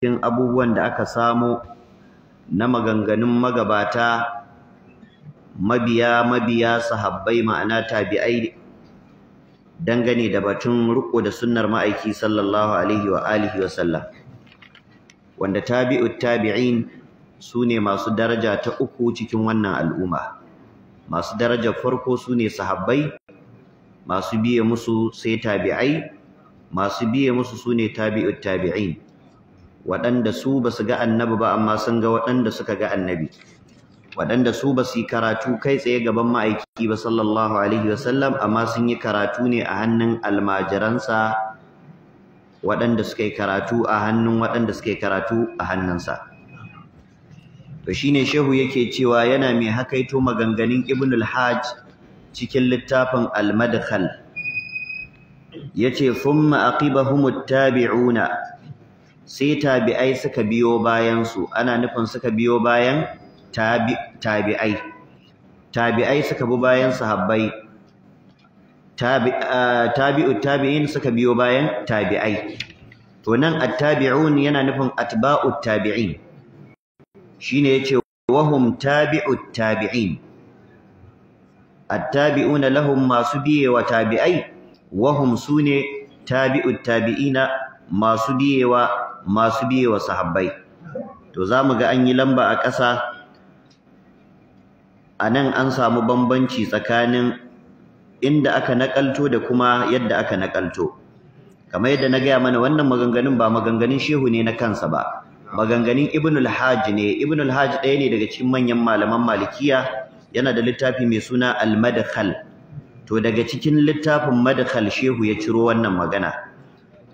cikin abubuwan da aka samo na maganganun magabata mabiya mabiya sahabbai ma'ana tabi'ai dangane da batun riko da sunnar ma'aiki sallallahu alaihi wa alihi wa sallam wanda tabi'ut tabi'in sune masu daraja ta uku cikin wannan al'umma masu daraja farko sune sahabbai masu biye musu sai tabi'ai masu biye musu sune tabi'ut tabi'in waɗanda su ba su ga annabi ba amma sun ga waɗanda suka ga annabi waɗanda su ba su yi karatu kai tsaye gaban ma'aiki ba sallallahu alaihi wasallam amma sun yi karatu ne a hannun almajiransa waɗanda suka yi karatu a hannun waɗanda suka yi karatu a hannunsa to shine shehu yake cewa yana mai hakaito maganganun ibn al-hajj cikin littafin al-madkhal yace thumma aqibahum at-tabi'una sai tabi'ai suka biyo bayan su ana nufin suka biyo bayan tabi'ai tabi'ai suka bi bayan sahabbai tabi'u tabi'in suka biyo bayan tabi'ai to nan at-tabi'un yana nufin atba'u tabi'in shine yace wahum tabi'u tabi'in at-tabi'una lahum masu biye wa tabi'ai wahum sune tabi'u tabi'ina masu biyewa masu biye wa sahabbai to za mu ga an yi lamba a ƙasa a nan an samu bambanci tsakanin inda aka nakalto da kuma yadda aka nakalto kamar yadda na gaya mana wannan maganganun ba maganganun shehu ne na kansa ba maganganun ibnul hajj ne ibnul hajj ɗaya ne daga cikin manyan malaman malikiya yana da littafi mai suna al-madkhal to daga cikin littafin madkhal shehu ya ciro wannan magana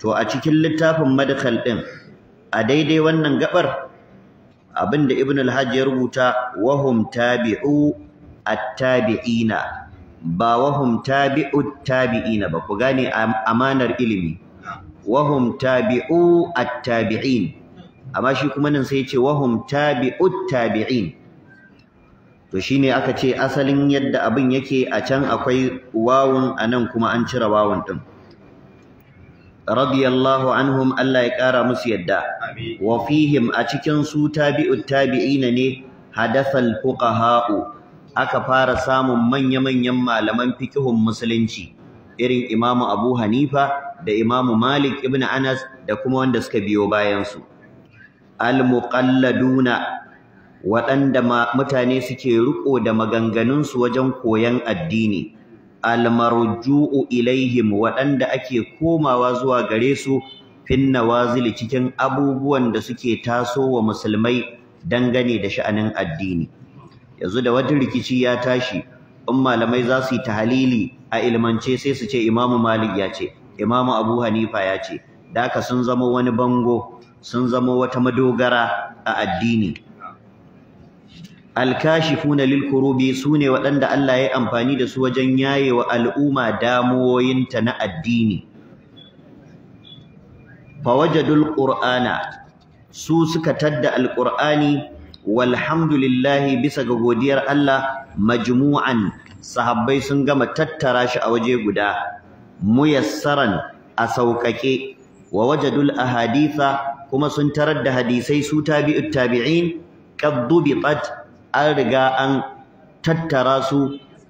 to a cikin littafin madkhal ɗin, a daidai wannan gabar abinda ibn al ya rubuta wahum tabi'u at-tabi'ina ba wahum tabi'u at-tabi'ina ba ku gane amanar ilimi wahum tabi'u at-tabi'in amma shi kuma nan sai ce wahum tabi'u at-tabi'in to shine aka ce asalin yadda abin yake a can akwai wawun anan kuma an cire wawun ɗin. radiyallahu anhum Allah ya kara musu yadda wa fihim a cikin su tabi'ut tabi'ina ne hadathal fuqaha'u aka fara samun manya-manyan malaman fikihun musulunci irin Imamu Abu Hanifa da Imam Malik ibn Anas da kuma wanda suka biyo bayan su al-muqalladuna waɗanda mutane suke riko da maganganunsu wajen koyan addini almarju'u ilaihim waɗanda ake komawa zuwa gare su fin nawazil cikin abubuwan da suke taso wa musulmai dangane da sha'anin addini yanzu da wata rikici ya tashi in malamai za su yi tahalili a ilmance sai su ce imamu malik ya ce imamu abu hanifa ya ce da haka sun zama wani bango sun zama wata madogara a addini alkashifuna lil kurubi sune waɗanda Allah ya amfani da su wajen yaye wa al'umma damuwoyinta na addini fawajadul qur'ana su suka tadda alqur'ani walhamdulillahi bisa ga godiyar Allah majmu'an sahabbai sun gama tattara shi a waje guda muyassaran a sauƙaƙe wa wajadul ahaditha kuma sun tarar da hadisai su tabi'ut tabi'in qad dubitat an riga an tattara su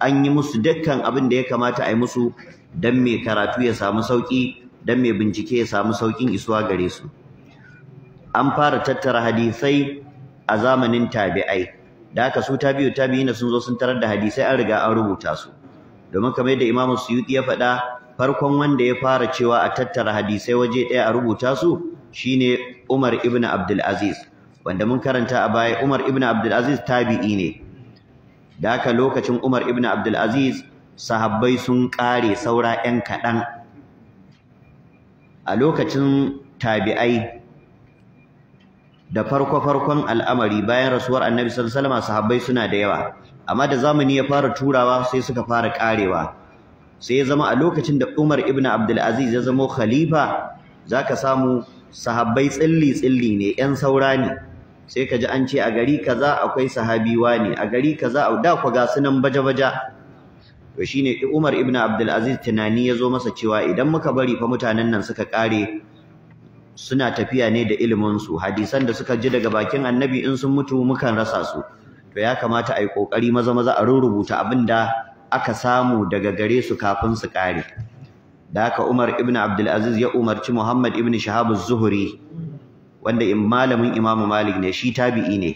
an yi musu dukkan abin da ya kamata a yi musu don mai karatu ya samu sauƙi don mai bincike ya samu sauƙin isuwa gare su an fara tattara hadisai a zamanin tabi'ai da haka su tabi'u tabi'ina sun zo sun tarar da hadisai an riga an rubuta su domin kamar yadda Imam Suyuti ya faɗa farkon wanda ya fara cewa a tattara hadisai waje ɗaya a rubuta su shine Umar ibn Abdulaziz. wanda mun karanta a baya Umar ibn Abdul Aziz tabi'i ne da haka lokacin Umar ibn Abdul Aziz sahabbai sun kare saura ƴan kaɗan a lokacin tabi'ai da farko-farkon al'amari bayan rasuwar annabi sallallahu sahabbai suna da yawa amma da zamani ya fara turawa sai suka fara karewa sai ya zama a lokacin da Umar ibn Abdul Aziz ya zama khalifa zaka samu sahabbai tsilli tsilli ne 'yan saura ne sai ka ji an ce a gari kaza akwai sahabi wani a gari kaza a da ku ga sunan baje baja to shine Umar ibn Abdul Aziz tunani ya zo masa cewa idan muka bari fa mutanen nan suka kare suna tafiya ne da ilimin su hadisan da suka ji daga bakin annabi in sun mutu mukan rasa su to ya kamata a yi kokari maza maza a rurubuta abinda aka samu daga gare su kafin su kare da haka Umar ibn Abdul Aziz ya umarci Muhammad ibn Shahab az-Zuhri wanda in malamin imamu Malik ne shi tabi'i ne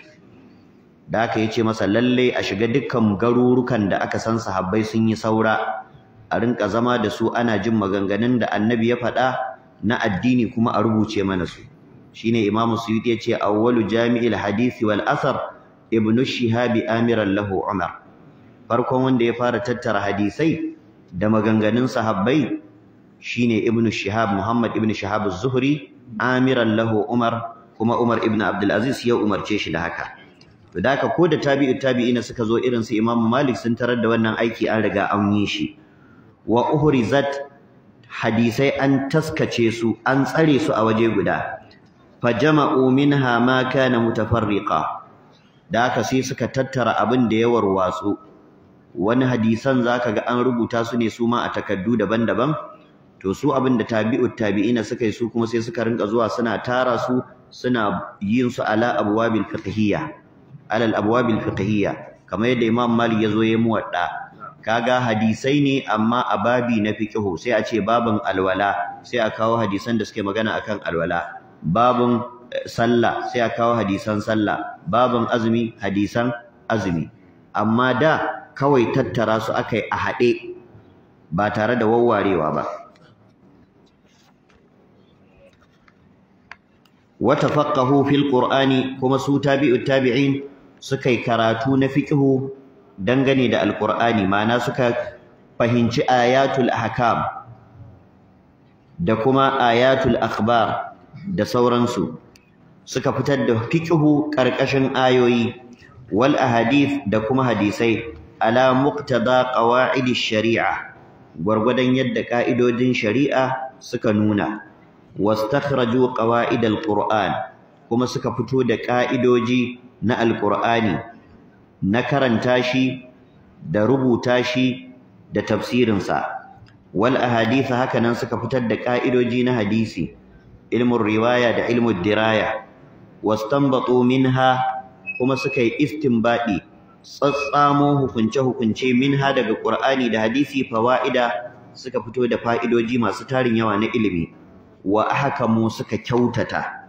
da haka ce masa lalle a shiga dukkan garurukan da aka san sahabbai sun yi saura a rinka zama da su ana jin maganganun da annabi ya faɗa na addini kuma a rubuce mana su shine Imam Suyuti yace awwalu jami'il hadisi wal asar ibn Shihab amiran lahu Umar farkon wanda ya fara tattara hadisai da maganganun sahabbai shine ibn Shihab Muhammad ibn Shihab az-Zuhri amiran Laho Umar kuma Umar ibn Abdul ya umarce shi da haka to da haka ko da tabi'u tabi'ina suka zo irin su Imam Malik sun tarar da wannan aiki an riga an yi shi wa uhrizat hadisai an taskace su an tsare su a waje guda fajama'u minha ma kana mutafarriqa da haka sai suka tattara abin da ya warwatsu wani hadisan zaka ga an rubuta su ne su ma a takaddu daban-daban to su abin da tabi'ut tabi'ina suka yi su kuma sai suka rinka zuwa suna tara su suna yin su ala abwabil fiqhiyya ala abwabil fiqhiyya kamar yadda Imam yazo ya zo muwadda kaga hadisai ne amma a babi na fiqhu sai a ce babin alwala sai a kawo hadisan da suke magana akan alwala babun eh, sallah sai a kawo hadisan sallah babun azumi hadisan azumi amma da kawai tattara su akai a haɗe ba tare da wawarewa ba wa tafaqahu fil qur'ani kuma su tabi'u tabi'in suka yi karatu na fiqhu dangane da Alƙur'ani, ma'ana suka fahimci ayatul ahkam da kuma ayatul akhbar da sauransu suka fitar da fiqhu ƙarƙashin ayoyi wal ahadith da kuma hadisai ala muqtada qawa'idish shari'a gwargwadon yadda ƙa'idodin shari'a suka nuna wastakhraju qawaid alquran kuma suka fito da ka'idoji na alqurani na karanta shi da rubuta shi da tafsirin sa wal ahadith haka nan suka fitar da ka'idoji na hadisi ilmun riwaya da ilmun diraya wastanbatu minha kuma suka yi istinbadi tsatsamo hukunce hukunce minha daga qur'ani da hadisi fawaida suka fito da fa'idoji masu tarin yawa na ilimi wa suka kyautata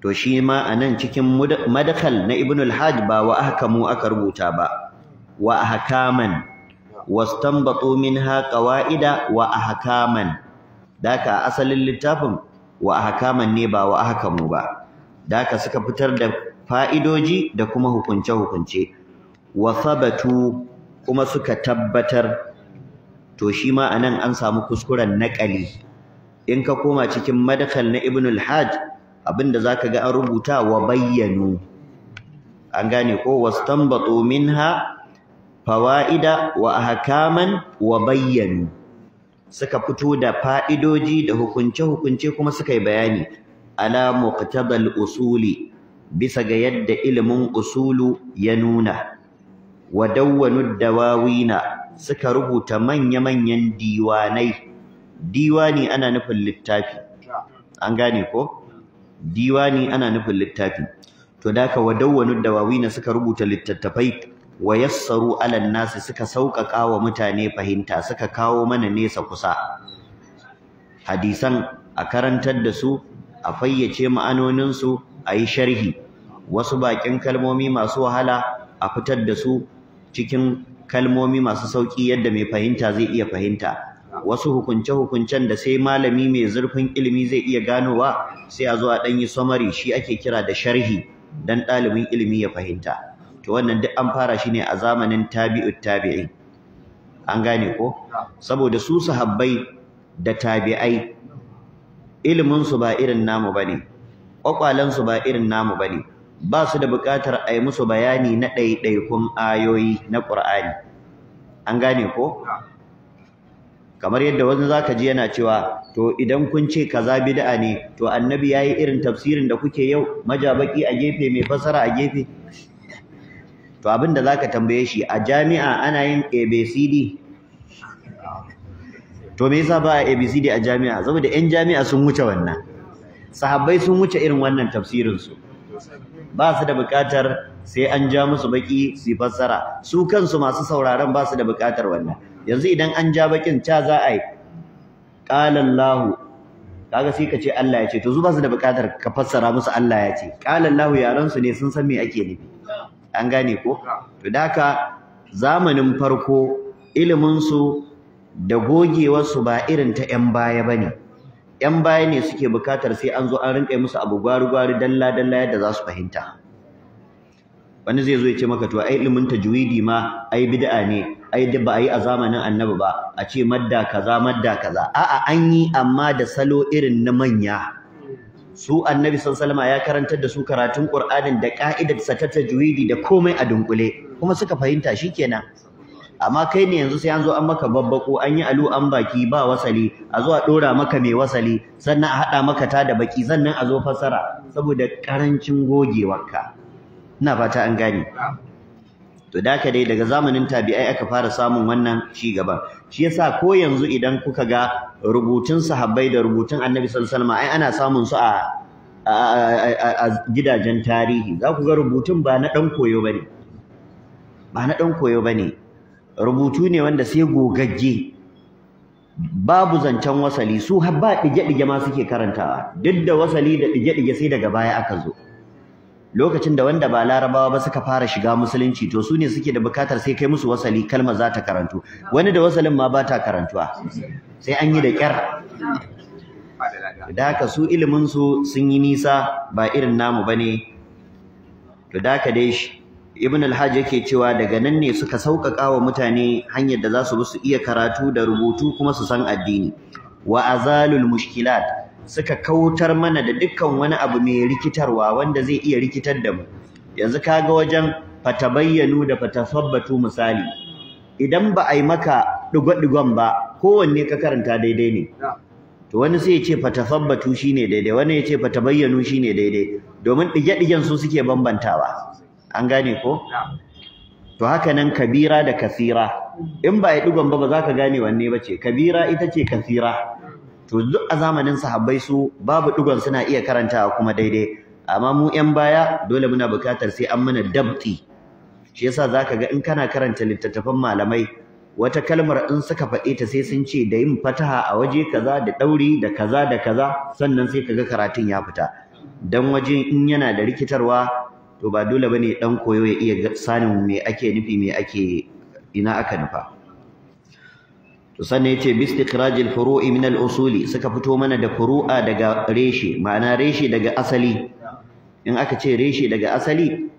to shi ma nan cikin madakal na ibn al ba wa aka rubuta ba wa ahkaman wastanbatu minha qawaida wa ahkaman daka asalin littafin wa ahkaman ne ba wa ahkamu ba daka suka fitar da fa'idoji da kuma hukunce hukunce wa sabatu kuma suka tabbatar to shi ma anan an samu kuskuren naƙali in ka koma cikin madkhal na ibn al-hajj abinda zaka ga an rubuta wa bayyanu an gane ko wastanbatu minha fawaida wa ahkaman wa bayyanu suka fito da fa'idoji da hukunce-hukunce kuma suka yi bayani ala muqtabal usuli bisa ga yadda ilimin usulu ya nuna wa dawwanu dawawina suka rubuta manya-manyan diwanai diwani ana nufin littafi an gane ko diwani ana nufin littafi to dawawi na suka rubuta littattafai wa yassaru nasu nasi suka sauƙaƙa wa mutane fahimta suka kawo mana nesa kusa hadisan a karantar da su a fayyace ma'anoninsu a yi sharhi wasu baƙin kalmomi masu wahala a fitar da su cikin kalmomi masu sauki yadda mai fahimta zai iya fahimta wasu hukunce-hukuncen da sai malami mai zurfin ilimi zai iya ganowa sai a zo a ɗan yi summary shi ake kira da sharhi dan ɗalibin ilimi ya fahimta to wannan duk an fara shi ne a zamanin tabi'ut tabi'in an gane ko saboda su sahabbai da tabi'ai ilimin su ba irin namu bane kwakwalan su ba irin namu bane ba su da buƙatar a yi musu bayani na ɗaiɗaikun ayoyi na ƙur'ani an gane ko kamar yadda wani za ka ji yana cewa to idan kun ce kaza bida'a ne to annabi ya yi irin tafsirin da kuke yau majabaki a gefe mai fasara a gefe to abinda ka tambaye shi a jami'a ana yin ABCD to me yasa ba a ABCD a jami'a saboda yan jami'a sun wuce wannan sahabbai sun wuce irin wannan tafsirinsu. ba su da buƙatar sai an ja musu baki su fassara su kansu masu sauraron ba su da buƙatar wannan yanzu idan an ja bakin ca za a yi qala kaga sai ka ce Allah ya ce to zu ba su da buƙatar ka fassara musu Allah ya ce qala Allah yaran su ne sun san me ake nufi an gane ko to daka zamanin farko iliminsu, da gogewarsu ba irin ta 'yan baya bane ‘yan baya ne suke bukatar sai an zo an rinƙa musu abu gwari-gwari dalla-dalla yadda za su fahimta wani zai zo ya ce maka to ai ilimin tajwidi ma ai bid'a ne ai da ba yi a zamanin annabi ba a ce madda kaza madda kaza a'a an yi amma da salo irin na manya su annabi sallallahu ya karantar da su karatun qur'anin da ka'idar sa ta tajwidi da komai a dunkule kuma suka fahimta shikenan amma kai ne yanzu sai an zo an maka babbako an yi alu an baki ba wasali a zo a dora maka mai wasali sannan a hada maka ta da baki sannan a zo fasara saboda karancin gogewarka ina fata an gane to da ka dai daga zamanin tabi'ai aka fara samun wannan ci gaba. shi yasa ko yanzu idan kuka ga rubutun sahabbai da rubutun annabi sallallahu alaihi wasallam ai ana samun su a a gidajen tarihi za ku ga rubutun ba na dan koyo bane ba na dan koyo bane rubutu ne wanda sai gogagge babu zancen wasali su har ba ɗige-ɗige ma suke karantawa duk da wasali da ɗige-ɗige sai daga baya aka zo lokacin da wanda ba larabawa ba suka fara shiga musulunci to su ne suke da bukatar sai kai musu wasali kalma za ta karantu wani da wasalin ma ba ta karantuwa sai an yi da ƙyar da haka su iliminsu sun yi nisa ba irin namu bane ne to da haka dai ibn al yake cewa daga nan ne suka sauƙaƙa wa mutane hanyar da za su bi su iya karatu da rubutu kuma su san addini wa azalul mushkilat suka kautar mana da dukkan wani abu mai rikitarwa wanda zai iya rikitar da mu yanzu kaga wajen fatabayyanu da fatasabbatu misali idan ba a yi maka digon ba kowanne ka karanta daidai ne to wani sai ya ce fatasabbatu shine daidai wani ya ce fatabayyanu shine daidai domin dige-digen su suke bambantawa an gane ko to haka nan kabira da kasira in ba ya digon ba ba za ka gane wanne ba ce kabira ita ce kasira to duk a zamanin sahabbai su babu digon suna iya karantawa kuma daidai amma mu yan baya dole muna bukatar sai an mana dabti shi yasa ka ga in kana karanta littattafan malamai wata kalmar in suka faɗe ta sai sun ce da yin fataha a waje kaza da ɗauri da kaza da kaza sannan sai ka ga karatun ya fita dan waje in yana da rikitarwa to ba dole bane dan koyo ya iya sanin me ake nufi me ake ina aka nufa to sanne yace bistikrajil furu'i min al-usuli suka fito mana da furu'a daga reshe ma'ana reshe daga asali in aka ce reshe daga asali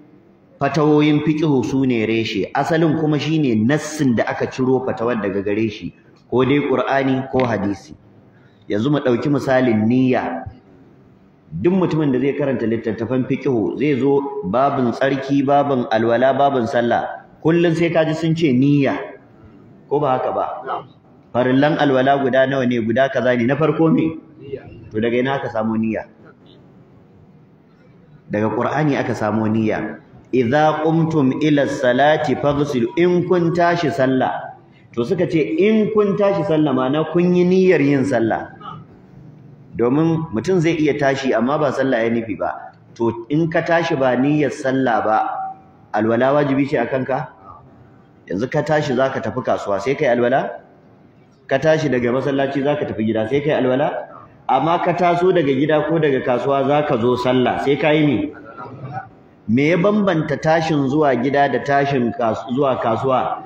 fatawoyin fiqhu sune reshe asalin kuma shine nassin da aka ciro fatawar daga gare shi ko dai qur'ani ko hadisi yanzu mu dauki misalin niyya duk mutumin da zai karanta littattafan fiqh zai zo babin tsarki babin alwala babin sallah kullun sai kaji sun ce niyya ko ba haka ba farillan alwala guda nawa ne guda kaza ne na farko ne to daga ina aka samu niyya daga qur'ani aka samu niyya idza qumtum ila salati faghsilu in kun tashi sallah to suka ce in kun tashi sallah ma na kun yi niyyar yin sallah domin mutum zai iya tashi amma ba sallah ya nufi ba to in ka tashi ba niyyar sallah ba alwala wajibi ce akan ka yanzu ka tashi zaka tafi kasuwa sai kai alwala ka tashi daga masallaci zaka tafi gida sai kai alwala amma ka taso daga gida ko daga kasuwa zaka zo sallah sai ka yi me ya bambanta tashin zuwa gida da tashin zuwa kasuwa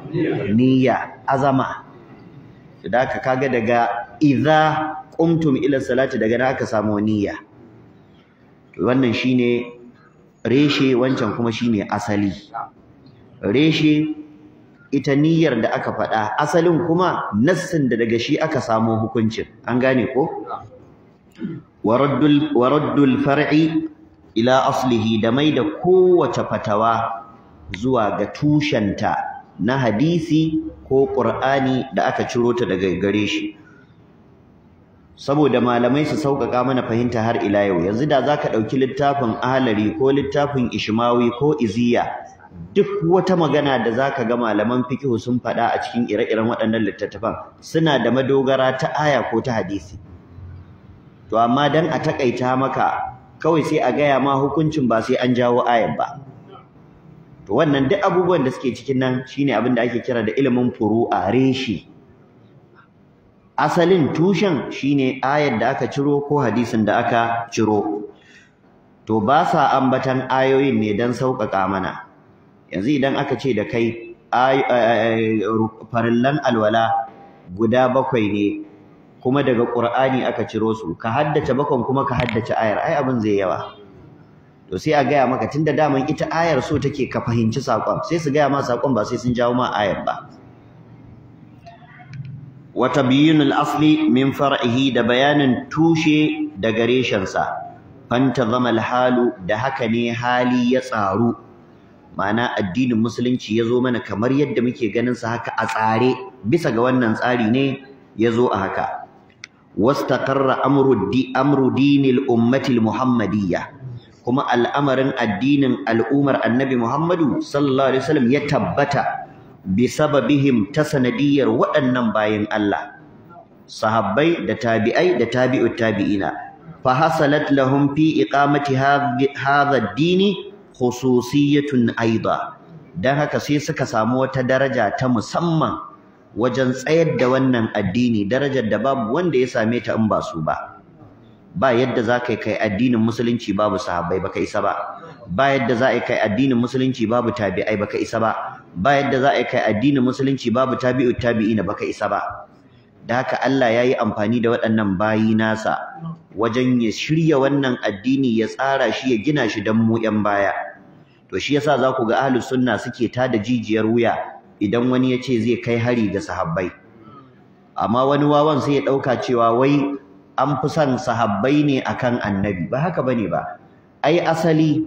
niyya azama da ka kaga daga idza kumtum ila salati daga na aka samu niyya to wannan shine reshe wancan kuma shine asali reshe ita niyyar da aka faɗa asalin kuma nassin da daga shi aka samu hukuncin an gane ko waraddul waraddul far'i ila aslihi da mai da kowace fatawa zuwa ga tushenta na hadisi ko qur'ani da aka ciro ta daga gare shi saboda malamai su sauƙaƙa mana fahimta har ila yau yanzu da za ka ɗauki littafin ahalari ko littafin ishimawi ko iziya duk wata magana da za ka ga malaman fikihu sun faɗa a cikin ire-iren waɗannan littattafan suna da madogara ta aya ko ta hadisi to amma dan a taƙaita maka kawai sai a gaya ma hukuncin ba sai an jawo ayan ba to wannan duk abubuwan da suke cikin nan shine abin da ake kira da ilimin furu'a reshi asalin tushen shine ayar da aka ciro ko hadisin da aka ciro to ba sa ambatan ayoyin ne don sauƙaƙa mana yanzu idan aka ce da kai farillan alwala guda bakwai ne kuma daga ƙur'ani aka ciro su ka haddace bakon kuma ka haddace ayar ai abin zai yawa to sai a gaya maka tunda daman ita ayar so take ka fahimci saƙon sai su gaya ma saƙon ba sai sun jawo ma ayar ba wa tabyinul asli min far'ihi da bayanin tushe daga reshensa fantazama halu da haka ne hali ya tsaru ma'ana addinin musulunci ya zo mana kamar yadda muke ganin sa haka a tsare bisa ga wannan tsari ne ya zo a haka wastaqarra amru di amru ummati muhammadiyya kuma al'amarin addinin al'ummar annabi muhammadu sallallahu ya tabbata bi sababihim ta sanadiyar waɗannan bayan Allah sahabbai da tabi'ai da tabi'ut tabi'ina fa hasalat lahum fi iqamati hadha ad-dini khususiyatun aida dan haka sai suka samu wata daraja ta musamman wajen tsayar da wannan addini darajar da babu wanda ya same ta in ba su ba ba yadda za ka kai addinin musulunci babu sahabbai baka isa ba ba yadda za ka kai addinin musulunci babu tabi'ai baka isa ba ba yadda za a kai addinin musulunci babu tabi'u tabi'ina baka isa ba da haka Allah ya yi amfani da waɗannan bayi nasa wajen ya shirya wannan addini ya tsara shi ya gina shi don mu 'yan baya to shi yasa za ku ga ahlus sunna suke tada jijiyar wuya idan wani ya ce zai kai hari ga sahabbai amma wani wawan sai ya ɗauka cewa wai an fi son sahabbai ne akan annabi ba haka bane ba ai asali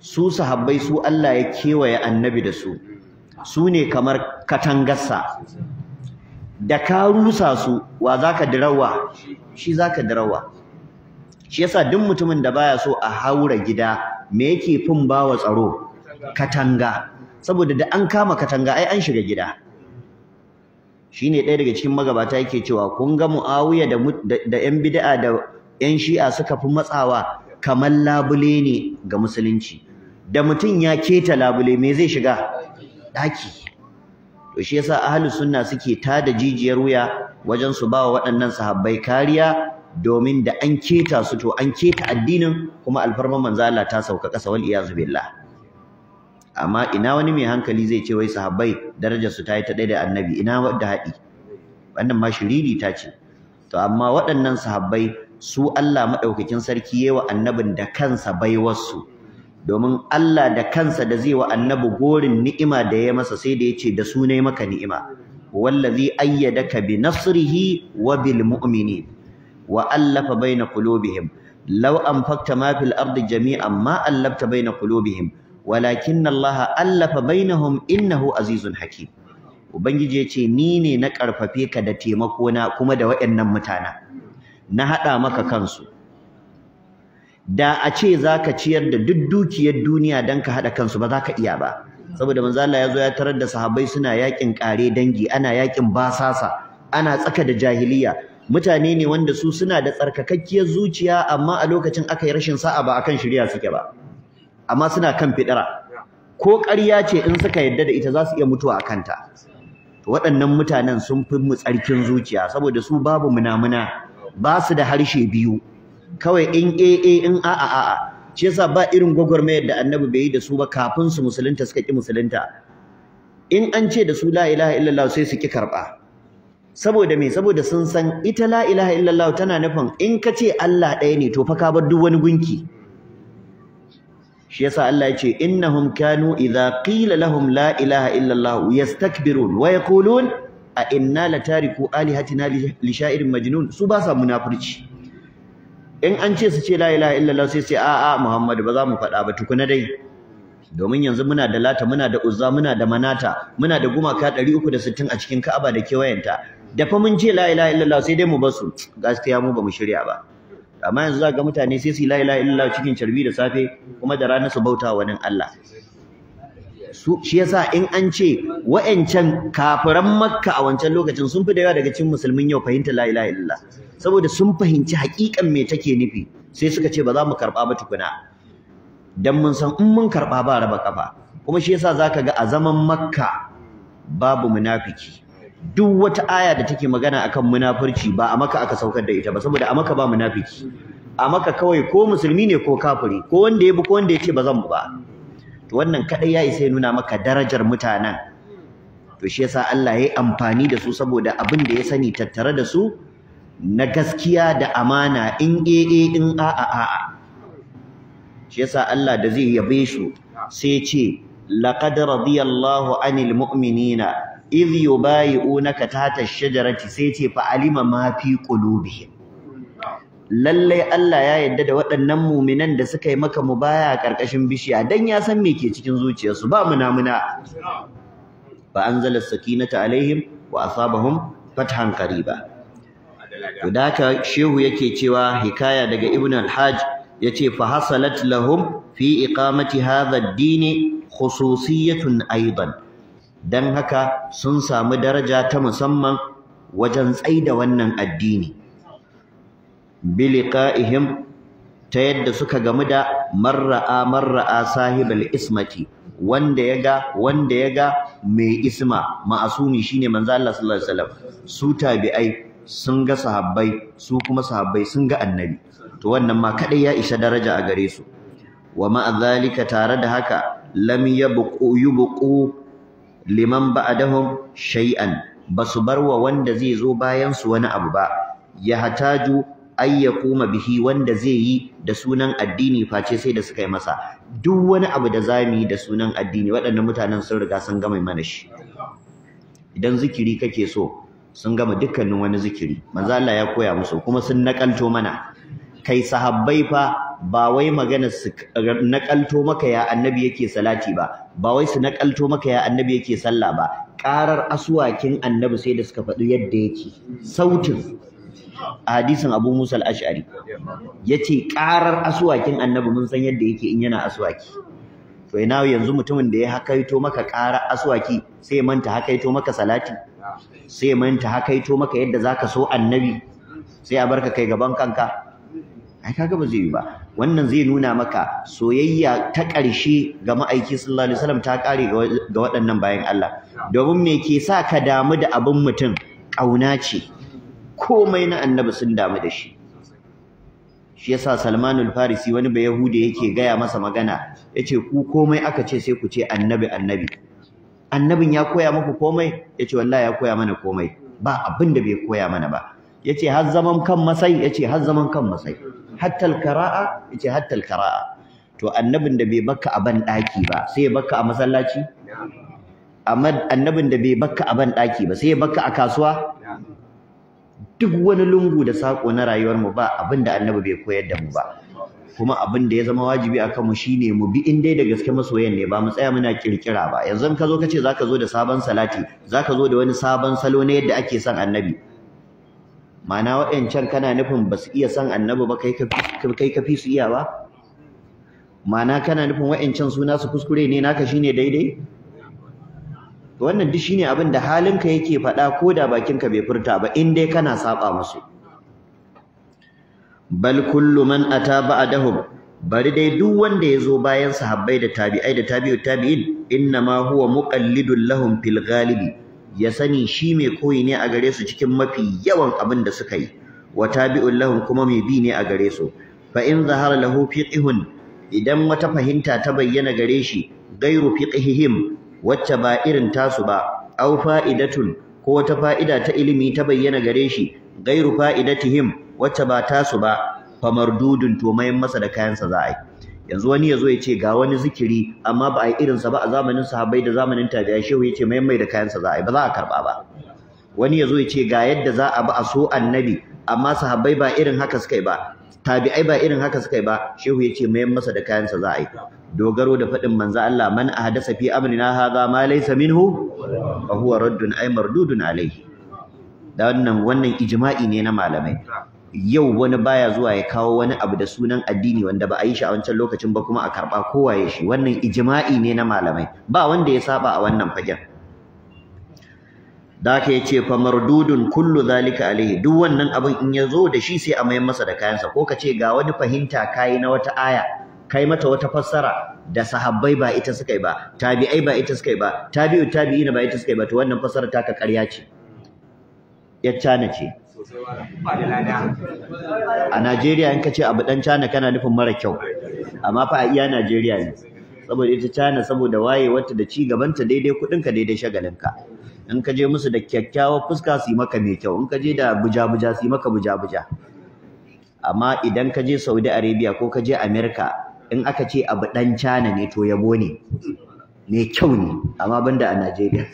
su sahabbai su Allah ya kewaye annabi da su su ne kamar katangarsa da ka rusa su wa zaka dirawa shi zaka dirawa shi yasa duk mutumin da baya so a haura gida me yake fin bawa tsaro katanga saboda da an kama katanga ai an shiga gida shine ɗaya daga cikin magabata yake cewa kun ga Muawiya da da ƴan bid'a da 'yan Shi'a suka fi matsawa kamar labule ne ga musulunci da mutum ya keta labule me zai shiga daki to shi yasa ahlus sunna suke tada jijiyar wuya wajen su bawa waɗannan sahabbai kariya domin da an keta su to an keta addinin kuma alfarman manzo Allah ta sauka ƙasa wal iyazu billah amma ina wani mai hankali zai ce wai sahabbai darajar su tayi ta ɗaya da annabi ina wadda haɗi wannan ma shiriri ta ce to amma waɗannan sahabbai su Allah madaukakin sarki yayi wa annabin da kansa baiwarsu su domin Allah da kansa da zai wa annabi gorin ni'ima da ya masa sai da yace da sunai maka ni'ima wallazi ayyadaka bi nasrihi wa bil mu'minin wa allafa baina qulubihim law anfaqta ma fil ardi jami'an ma allafta baina qulubihim walakin Allah allafa bainahum innahu azizun hakim ubangiji yace ni ne na karfafe ka da taimako na kuma da wayannan mutana na hada maka kansu da a ce za ka ciyar da duk dukiyar duniya don ka haɗa kansu ba za ka iya ba saboda Manzala ya zo ya tarar da sahabai suna yakin ƙare dangi ana yakin basasa ana tsaka da jahiliya mutane ne wanda su suna da tsarkakakkiyar zuciya amma a lokacin aka yi rashin sa'a ba akan shirya suke ba amma suna kan fidira ko ƙarya ce in suka yadda da ita za su iya mutuwa a kanta waɗannan mutanen sun fi mu tsarkin zuciya saboda su babu munamuna ba su da harshe biyu kawai in A in a'a a'a shi yasa ba irin gwagwarmayar da annabi bai yi da su ba kafin su musulunta suka ki musulunta in an ce da su la ilaha illallah sai su ki karba saboda me saboda sun san ita la ilaha illallah tana nufin in ka ce Allah ɗaya ne to fa ka bar duk wani gunki shi yasa Allah ya ce innahum kanu idza qila lahum la ilaha illallah yastakbirun wa yaqulun a inna latariku alihatina li sha'irin majnun su ba sa munafurci in an ce su ce la ilaha illallah sai sai a'a Muhammadu ba za mu faɗa ba tukuna dai domin yanzu muna da lata muna da uzza muna da manata muna da gumaka 360 a cikin Ka'aba da kewayenta da fa mun ce la ilaha illallah sai dai mu basu gaskiya mu ba mu shirya ba amma yanzu za ga mutane sai su la ilaha illallah cikin carbi da safe kuma da rana su bauta wa nan Allah shi yasa in an ce wa'ancan kafiran makka a wancan lokacin sun fi da yawa daga cikin musulmin yau fahimta la ilaha illallah saboda sun fahimci hakikan me take nufi sai suka ce ba za mu karba ba tukuna dan mun san in mun karba ba raba kafa kuma shi yasa zaka ga a zaman makka babu munafiki duk wata aya da take magana akan munafurci ba a maka aka saukar da ita ba saboda a maka ba munafiki a maka kawai ko musulmi ne ko kafiri ko wanda ya bi ko wanda ya ce ba zan ba to wannan kadai ya isa ya nuna maka darajar mutanen to shi yasa Allah ya yi amfani da su saboda abin da ya sani tattare da su na gaskiya da amana in ee in a'a a'a shi yasa Allah da zai yabe shi sai ce laqad radiyallahu anil mu'minina idh yubayi'unaka tahta ash-shajarati sai ce fa alima ma fi qulubihim lalle Allah ya yarda da waɗannan mu'minan da suka yi maka mubaya karkashin bishiya dan ya san me ke cikin zuciyarsu ba munamuna fa anzala as-sakinata alaihim wa asabahum fathan qariba da haka shehu yake cewa hikaya daga ibn al-hajj yace fa hasalat lahum fi iqamati hadha ad-din khususiyatun aidan dan haka sun samu daraja ta musamman wajen tsaida wannan addini liqa'ihim ta yadda suka gamu da marra'a marra'a sahibal ismati wanda ya ga wanda ya mai isma ma'asumi shine manzo Allah sallallahu alaihi wasallam su tabi'ai sun ga sahabbai su kuma sahabbai sun ga annabi to wannan ma kadai ya isa daraja a gare su wa ma zalika tare da haka lam yabqu yubqu liman ba'dahum shay'an basu barwa wanda zai zo bayan su wani abu ba ya hataju ay yakuma bihi wanda zai yi da sunan addini face sai da suka yi masa duk wani abu da zamu yi da sunan addini waɗannan mutanen sun riga sun gama mana shi idan zikiri kake so sun gama dukkanin wani zikiri manzo ya koya musu kuma sun nakalto mana kai sahabbai fa ba wai magana su nakalto maka ya annabi yake salati ba ba wai su nakalto maka ya annabi yake sallah ba karar aswakin annabi sai da suka faɗi yadda yake sautin hadisin Abu Musa al-Ash'ari yace karar aswakin annabi mun san yadda yake in yana aswaki to ina yanzu mutumin da ya hakaito maka karar aswaki sai manta hakaito maka salati sai manta hakaito maka yadda zaka so annabi sai a barka kai gaban kanka ai kaga ba zai yi ba wannan zai nuna maka soyayya ta ƙarshe ga ma'aiki sallallahu alaihi wasallam ta ƙare ga waɗannan bayan Allah domin me ke sa ka damu da abin mutum ƙauna ce komai na annabi sun damu da shi shi yasa Salmanul Farisi wani bayahude yake gaya masa magana yace ku komai aka ce sai ku ce annabi annabi annabin ya koya muku komai yace wallahi ya koya mana komai ba abin da bai koya mana ba yace har zaman kan masai yace har zaman kan masai hatta alqira'a yace hatta alqira'a to annabin da bai baka a ban daki ba sai ya baka a masallaci amma annabin da bai baka a ban daki ba sai ya baka a kasuwa duk wani lungu da sako na rayuwar mu ba abin da annabi bai koyar da mu ba kuma abin da ya zama wajibi a kanmu shi ne mu bi in dai da gaske masoyan ne ba mu tsaya muna kirkira ba yanzu ka zo ka ce za ka zo da sabon salati za ka zo da wani sabon salo na yadda ake son annabi ma'ana wa'yancan kana nufin ba su iya son annabi ba kai ka fi su iya ba ma'ana kana nufin wa'yancan suna su kuskure ne naka ne daidai wannan duk ne abin da halinka yake faɗa ko da bakinka bai furta ba in dai kana saba musu bal kullu man ata ba'dahum bari dai duk wanda ya zo bayan sahabbai da tabi'ai da tabi'u tabi'in innama huwa muqallidul lahum fil ghalibi ya sani shi mai koyi ne a gare su cikin mafi yawan abin da suka yi wa tabi'ul lahum kuma mai bi ne a gare su fa in zahara lahu fiqhun idan wata fahimta ta bayyana gare shi gairu fiqhihim wacce ba irin tasu ba aw fa'idatun ko wata fa'ida ta ilimi ta bayyana gare shi Gairu, fa'idatihim wacce ba ta su ba famardudun to mayan masa da kayansa za a yi yanzu wani ya zo ya ce ga wani zikiri amma ba a yi irinsa ba a zamanin sahabbai da zamanin tabi'a shehu ya ce mayan mai da kayansa za a yi ba za a karɓa ba wani ya zo ya ce ga yadda za a bi a so annabi amma sahabbai ba irin haka suka yi ba tabi'ai ba irin haka suka yi ba shehu ya ce mayan masa da kayansa za a yi dogaro da faɗin manzo Allah man ahdasa fi amrina hadha ma laysa minhu fa huwa raddun ay mardudun alayhi wannan wannan ijma'i ne na malamai yau wani baya zuwa ya kawo wani abu da sunan addini wanda ba a yi shi a wancan lokacin ba kuma a karɓa kowa ya shi wannan ijma'i ne na malamai ba wanda ya saba a wannan fagen da ka ya ce fa mardudun kullu zalika alaihi duk wannan abin in ya zo da shi sai a mayar masa da kayansa ko ka ce ga wani fahimta kayi na wata aya kai mata wata fassara da sahabbai ba ita suka yi ba tabi'ai ba ita suka yi ba tabi'u tabi'ina ba ita suka yi ba to wannan fassara taka ƙarya ce ya cana ce a Najeriya in ka ce abu ɗan cana kana nufin mara kyau amma fa a iya Najeriya ne saboda ita cana saboda wayewarta da ci gabanta daidai kuɗinka daidai shagalinka in ka je musu da kyakkyawar fuska su yi maka mai kyau in ka je da buja-buja su yi maka buja-buja amma idan ka je Saudi Arabia ko ka je America in aka ce abu ɗan cana ne to yabo ne mai kyau ne amma banda a Najeriya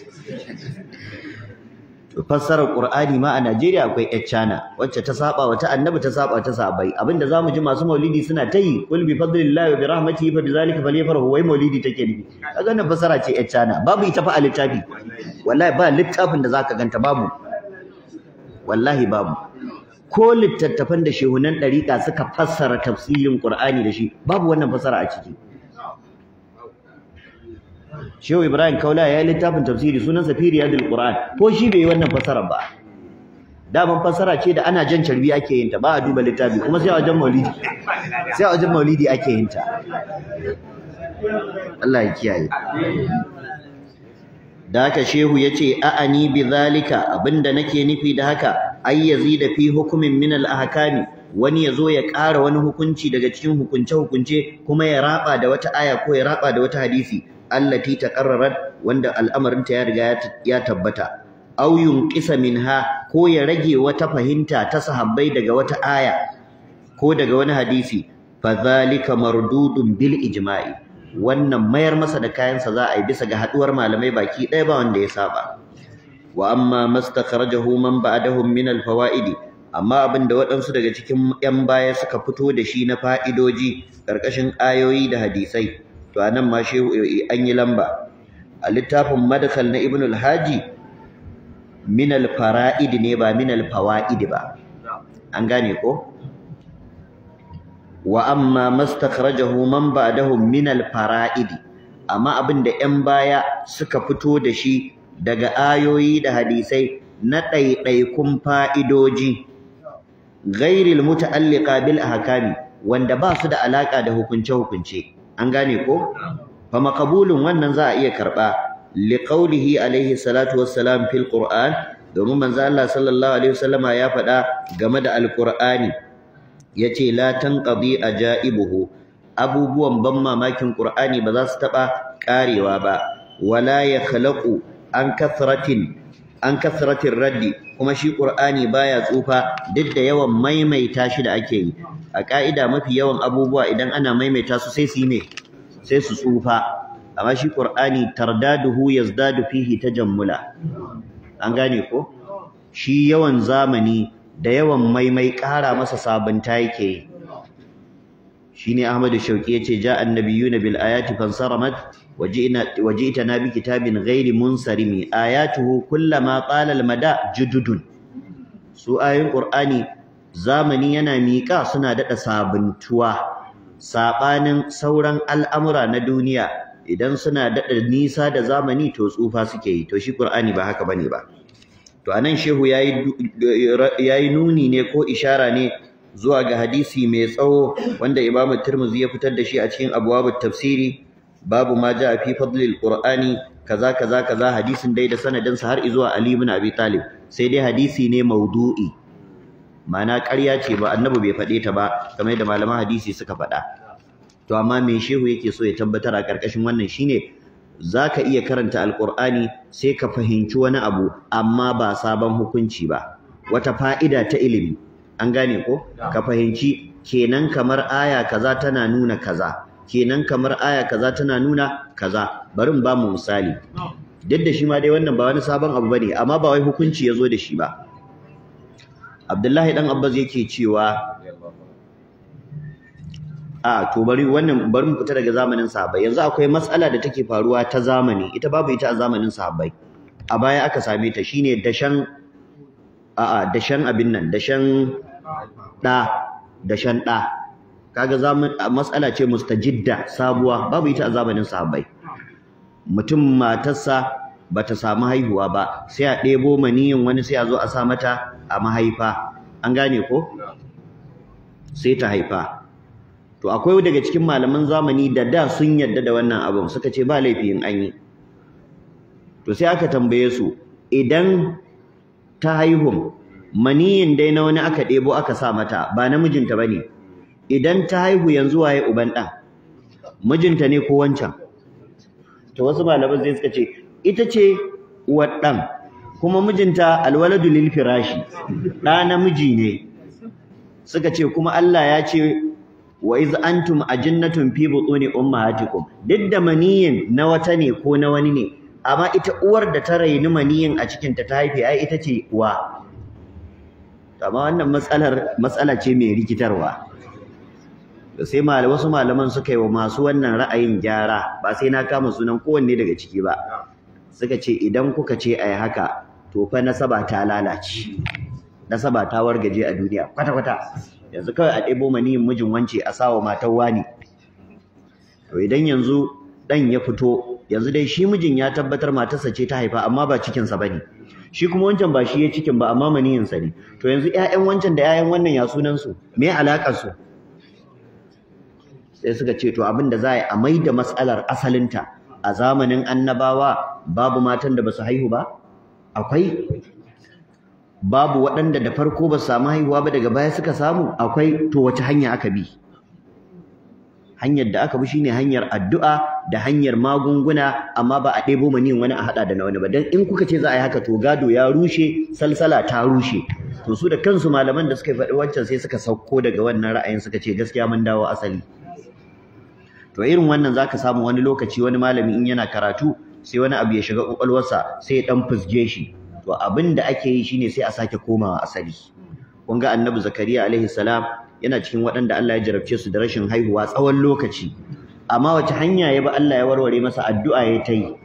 fassarar Qur'ani ma a Najeriya akwai ya China wacce ta saba wa ta annabi ta saba ta sabai abinda zamu ji masu maulidi suna ta yi kul bi fadlillahi wa bi rahmatihi fa bizalika falyafrahu wai maulidi take nufi kaga wannan fassara ce ƴar China babu ita fa a littafi wallahi ba littafin da zaka ganta babu wallahi babu ko littattafan da shehunan dariqa suka fassara tafsirin Qur'ani da shi babu wannan fassara a ciki shehu ibrahim kaula ya yi littafin tafsiri sunansa safiri ya qur'an ko shi bai yi wannan fasara ba daman fasara ce da ana jan carbi ake yin ta ba a duba littafi kuma sai a wajen maulidi sai a wajen maulidi ake yin ta Allah ya kiyaye da haka shehu ya a a'ani bi zalika abinda nake nufi da haka ai ay da fi hukumin min al ahkami wani ya zo ya ƙara wani hukunci daga cikin hukunce hukunce kuma ya raba da wata aya ko ya raba da wata hadisi allati taqarrarat wanda al'amarinta ya riga ya tabbata aw yunqisa minha ko ya rage wata fahimta ta sahabbai daga wata aya ko daga wani hadisi zalika mardudun bil ijma'i wannan mayar masa da kayansa za a yi bisa ga haduwar malamai baki ɗaya ba wanda ya saba wa amma mastakharajahu man ba'dahum min al fawaidi amma abinda da waɗansu daga cikin 'yan baya suka fito da shi na fa'idoji ƙarƙashin ayoyi da hadisai to anan ma shehu eh, an yi lamba a littafin madakal na ibnul haji min al fara'id ne ba min al fawaid ba an gane ko wa amma mastakhrajahu man ba'dahu min al fara'id amma abin da ƴan baya suka fito da shi daga ayoyi da hadisai na ɗaiɗaikun fa'idoji ghairil muta'alliqa bil hakami, wanda ba su da alaƙa da hukunce-hukunce an gane ko fa maqbulun wannan za a iya karba liqaulihi alaihi salatu wassalam fil qur'an domin manzo Allah sallallahu alaihi wasallama ya faɗa game da alqur'ani yace la tanqadi ajaibuhu abubuwan ban mamakin qur'ani ba za su taba karewa ba wala ya an kathratin an kasratir raddi kuma shi qur'ani baya tsufa duk da yawan maimaita shi da ake yi a ka'ida mafi yawan abubuwa idan ana maimaita su sai su yi ne sai su tsufa amma shi qur'ani tardaduhu yazdadu fihi tajammula an gane ko shi yawan zamani da yawan maimai ƙara masa sabunta yake yi ne Ahmadu Shauki yace ja annabiyuna bil ayati fansaramat Waje ita na bi وجئتنا بكتاب غير منصرم آياته كلما طال ma جدد su ayoyin Qur'ani zamani yana miƙa suna daɗa sabuntuwa saɓanin sauran al'amura na duniya idan suna daɗa nisa da zamani to tsufa suke yi to shi ƙur'ani ba haka bane ba to anan shehu yayi nuni ne ko ishara ne zuwa ga hadisi mai tsawo wanda Imam Tirmidhi ya fitar da shi a cikin abwabut tafsiri babu ma ja fi fadlil qur'ani kaza kaza kaza hadisin dai da sanadin sa har zuwa ali ibn abi talib sai dai hadisi ne maudu'i Mana ƙarya ce ba annabi bai faɗe ta ba kamar da malaman hadisi suka faɗa to amma me shehu yake so ya tabbatar a ƙarƙashin wannan shine zaka iya karanta alqur'ani sai ka fahimci wani abu amma ba sabon hukunci ba wata fa'ida ta ilimi an gane ko ka fahimci kenan kamar aya kaza tana nuna kaza kenan kamar aya kaza tana nuna kaza bari in ba mu misali duk da shi ma dai wannan ba wani sabon abu bane amma ba wai hukunci ya zo da shi ba Abdullahi dan Abbas yake cewa a to bari wannan bari mu fita daga zamanin sahabbai yanzu akwai matsala da take faruwa ta zamani ita babu ita a zamanin sahabbai a baya aka same ta shine dashan a'a dashan abin nan dashan da dashan da kaga matsala ce mustajidda sabuwa babu ita a zamanin sahabbai mutum matarsa bata samu haihuwa ba sai a ɗebo maniyin wani sai a zo a sa mata a mahaifa an gane ko sai ta haifa to akwai daga cikin malaman zamani da da sun yarda da wannan abin suka ce ba laifi in an yi to sai aka tambaye su idan ta haihu maniyin dai na wani aka ɗebo aka sa mata ba namijinta ba ne idan ta haihu yanzu waye uban ɗan mijinta ne ko wancan to wasu malaman zai suka ce ita ce uwar ɗan kuma mijinta alwaladu lil firashi ɗa namiji ne suka ce kuma Allah ya ce wa iz antum ajinnatun fi butuni ummahatikum duk da maniyin na wata ne ko na wani ne amma ita uwar da ta raini maniyin a cikin ta ta haife ai ita ce uwa amma wannan matsalar matsala ce mai rikitarwa sai wasu malaman suka yi wa masu wannan ra'ayin gyara ba sai na kama sunan kowanne daga ciki ba suka ce idan kuka ce yi haka to fa nasaba ta lalace nasaba ta wargaje a duniya kwata kwata yanzu kawai a ɗebo niyin mijin wance a sawa matar wani to idan yanzu dan ya fito yanzu dai shi mijin ya tabbatar matarsa ce ta haifa amma ba cikinsa bane shi kuma wancan ba shi ya cikin ba amma maniyinsa ne to yanzu ƴaƴan wancan da ƴaƴan wannan ya sunan su me alakar su sai suka ce to abin da za a yi a mai da matsalar asalinta a zamanin annabawa babu matan da ba su haihu ba akwai babu waɗanda da farko ba su samu haihuwa ba daga baya suka samu akwai to wace hanya aka bi hanyar da aka bi shine hanyar addu'a da hanyar magunguna amma ba a ɗebo maniyin wani a haɗa da na wani ba don in kuka ce za a yi haka to gado ya rushe salsala ta rushe to su da kansu malaman da suka faɗi wancan sai suka sauko daga wannan ra'ayin suka ce gaskiya mun dawo asali to irin wannan zaka samu wani lokaci wani malami in yana karatu sai wani abu ya shiga kwakwalwarsa sai ya dan fusge shi to abin da ake yi shine sai a sake komawa asali kun ga annabi zakariya alaihi salam yana cikin waɗanda Allah ya jarabce su da rashin haihuwa tsawon lokaci amma wace hanya ya ba Allah ya warware masa addu'a ya ta yi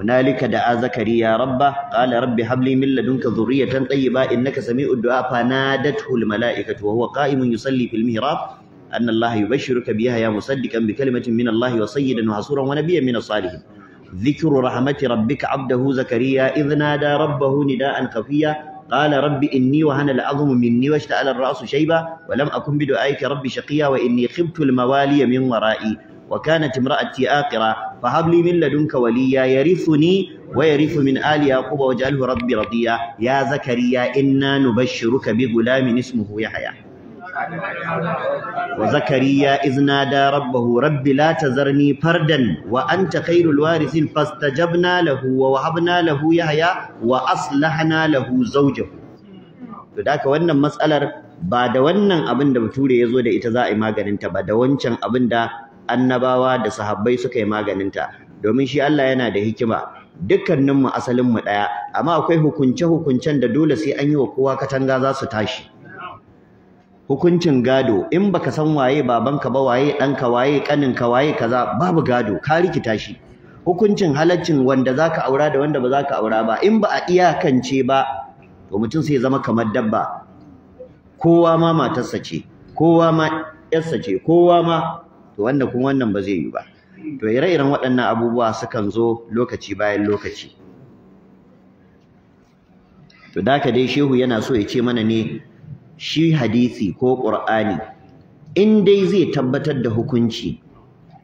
hunalika da zakariya rabba qala rabbi habli min ladunka dhurriyatan tayyiba innaka sami'ud du'a fanadatuhu al mala'ikatu wa huwa qa'imun yusalli fil mihrab أن الله يبشرك بها يا مصدقا بكلمة من الله وسيدا وحصورا ونبيا من الصالحين ذكر رحمة ربك عبده زكريا إذ نادى ربه نداء خفيا قال رب إني وهن العظم مني واشتعل الرأس شيبا ولم أكن بدعائك رب شقيا وإني خبت الموالي من ورائي وكانت امرأتي آقرة فهب لي من لدنك وليا يرثني ويرث من آل يعقوب واجعله ربي رضيا يا زكريا إنا نبشرك بغلام اسمه يحيى wa zakariya izna da rabbahu rabbi la fardan wa anta khairul warisin fastajabna lahu wa wahabna lahu yahya wa aslahna lahu zawjahu to daka wannan matsalar ba da wannan abin da bature ya zo da ita za a yi maganinta ba da wancan abin da annabawa da sahabbai suka yi maganinta domin shi Allah yana da hikima dukkaninmu asalinmu ɗaya amma akwai hukunce-hukuncen da dole sai an yi wa kowa katanga za su tashi hukuncin gado in baka san waye babanka ba waye ɗanka waye ƙaninka waye kaza babu gado ka rikita shi hukuncin halaccin wanda za ka aura da wanda ba za ka aura ba in ba a iyakance ba to mutum sai zama kamar dabba kowa ma matarsa ce kowa ma yarsa ce kowa ma to wanda kuma wannan ba zai yi ba to ire-iren waɗannan abubuwa sukan zo lokaci bayan lokaci to da ka dai shehu yana so ya ce mana ne shi hadisi ko ƙur'ani in dai zai tabbatar da hukunci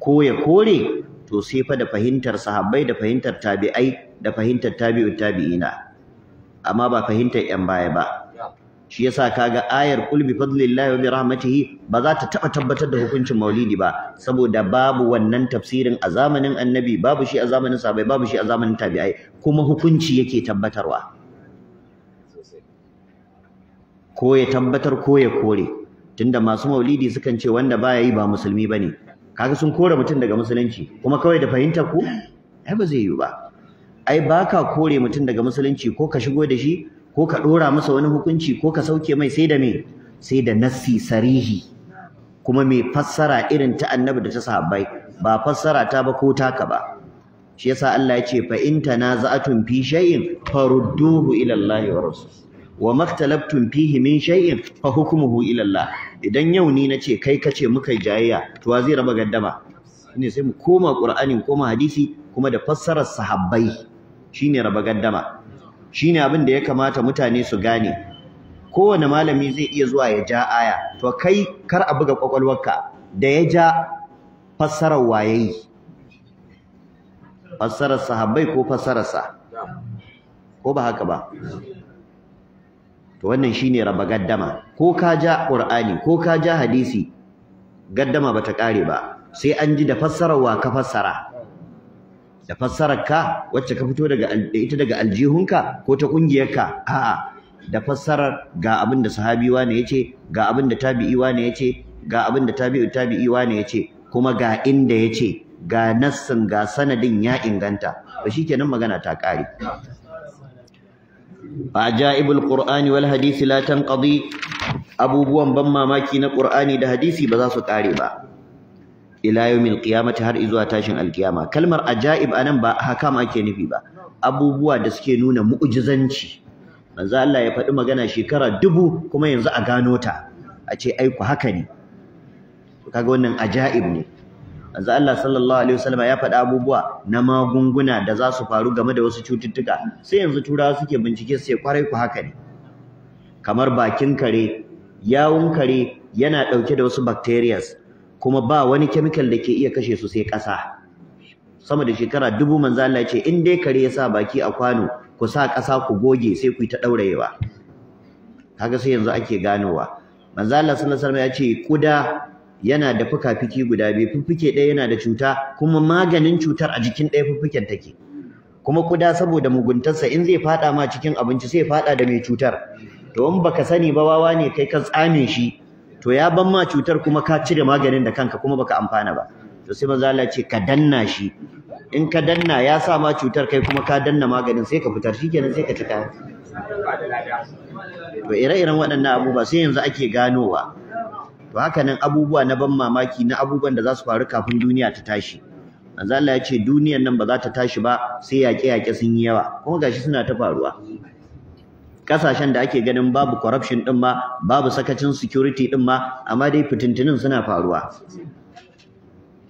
ko ya kore to sai fa da fahimtar sahabbai da fahimtar tabi'ai da fahimtar tabi'ut tabi'ina amma ba fahimtar yan baya ba shi yasa kaga ayar qul bi fadlillahi wa bi rahmatihi ba za ta taba tabbatar da hukuncin maulidi ba saboda babu wannan tafsirin a zamanin annabi babu shi a zamanin sahabbai babu shi a zamanin tabi'ai kuma hukunci yake tabbatarwa ko ya tabbatar ko ya kore tunda masu maulidi sukan ce wanda baya yi ba musulmi bane kaga sun kore mutum daga musulunci kuma kawai da fahimta ku ai ba zai yi ba ai baka kore mutum daga musulunci ko ka shigo da shi ko ka dora masa wani hukunci ko ka sauke mai sai da me sai da nassi sarihi kuma mai fassara irin ta annabi da ta sahabbai ba fassara ta ba ko taka ba shi yasa Allah ya ce fa in tanaza'atun fi shay'in farudduhu ila Allah wa rasul wa maktalabtum fihi min shay'in fa hukmuhu ila Allah idan yau ni nace kai kace muka jayayya to wa zai raba gaddama shine sai mu koma Qur'ani koma hadisi kuma da fassarar sahabbai shine raba gaddama shine abin da ya kamata mutane su gane kowane malami zai iya zuwa ya ja aya to kai kar a buga kwakwalwarka da ya ja fassarar wayayi fassarar sahabbai ko fassararsa ko ba haka ba to wannan shine raba gaddama ko ka ja qur'ani ko ka ja hadisi gaddama bata kare ba sai an ji da fassarar wa ka fassara da fassarar ka wacce ka fito daga ita daga aljihunka ko ta kungiyarka a'a da fassarar ga abin da sahabi wane yace ga abin da tabi'i wane yace ga abin da tabi'u tabi'i wane yace kuma ga inda yace ga nassin ga sanadin ya inganta to shikenan magana ta kare عجائب ƙurani walhadisi, latan تنقضي abubuwan ban mamaki na ƙur'ani da hadisi ba za su ƙare ba ila yawmil qiyamati har izuwa tashin alkiyama kalmar ajaib anan ba hakam ake nufi ba abubuwa da suke nuna mu'ujizanci. manzo Allah ya faɗi magana shekara dubu kuma yanzu a gano ta a ce ai haka ne kaga wannan ajaib ne manzo Allah sallallahu alaihi wasallam ya faɗa abubuwa na magunguna da za su faru game da wasu cututtuka sai yanzu turawa suke bincike su kwarai ku haka ne kamar bakin kare yawun kare yana ɗauke da wasu bacterias kuma ba wani chemical da ke iya kashe su sai kasa. sama da shekara dubu manzo Allah ya ce in dai kare ya sa baki a kwano ku sa kasa ku goge sai ku yi ta ɗaurayewa kaga sai yanzu ake ganowa manzo Allah sallallahu alaihi wasallam ya ce kuda yana da fuka-fiki guda biyu fuffuke ɗaya yana da cuta kuma maganin cutar a jikin ɗaya fuffuken take kuma kuda saboda muguntarsa in zai fada ma cikin abinci sai fada da mai cutar to in baka sani ba wawa ne kai ka tsame shi to ya ban ma cutar kuma ka cire maganin da kanka kuma baka amfana ba to sai manzo Allah ce ka danna shi in ka danna ya sa ma cutar kai kuma ka danna maganin sai ka fitar shikenan sai ka cika to ire-iren waɗannan abubuwa sai yanzu ake ganowa to haka nan abubuwa na ban mamaki na abubuwan da za su faru kafin duniya ta tashi manzo Allah ya ce duniyar nan ba za ta tashi ba sai yaƙe-yaƙe sun yi yawa kuma gashi suna ta faruwa kasashen da ake ganin babu corruption din ma babu sakacin security din ma amma dai fitintunin suna faruwa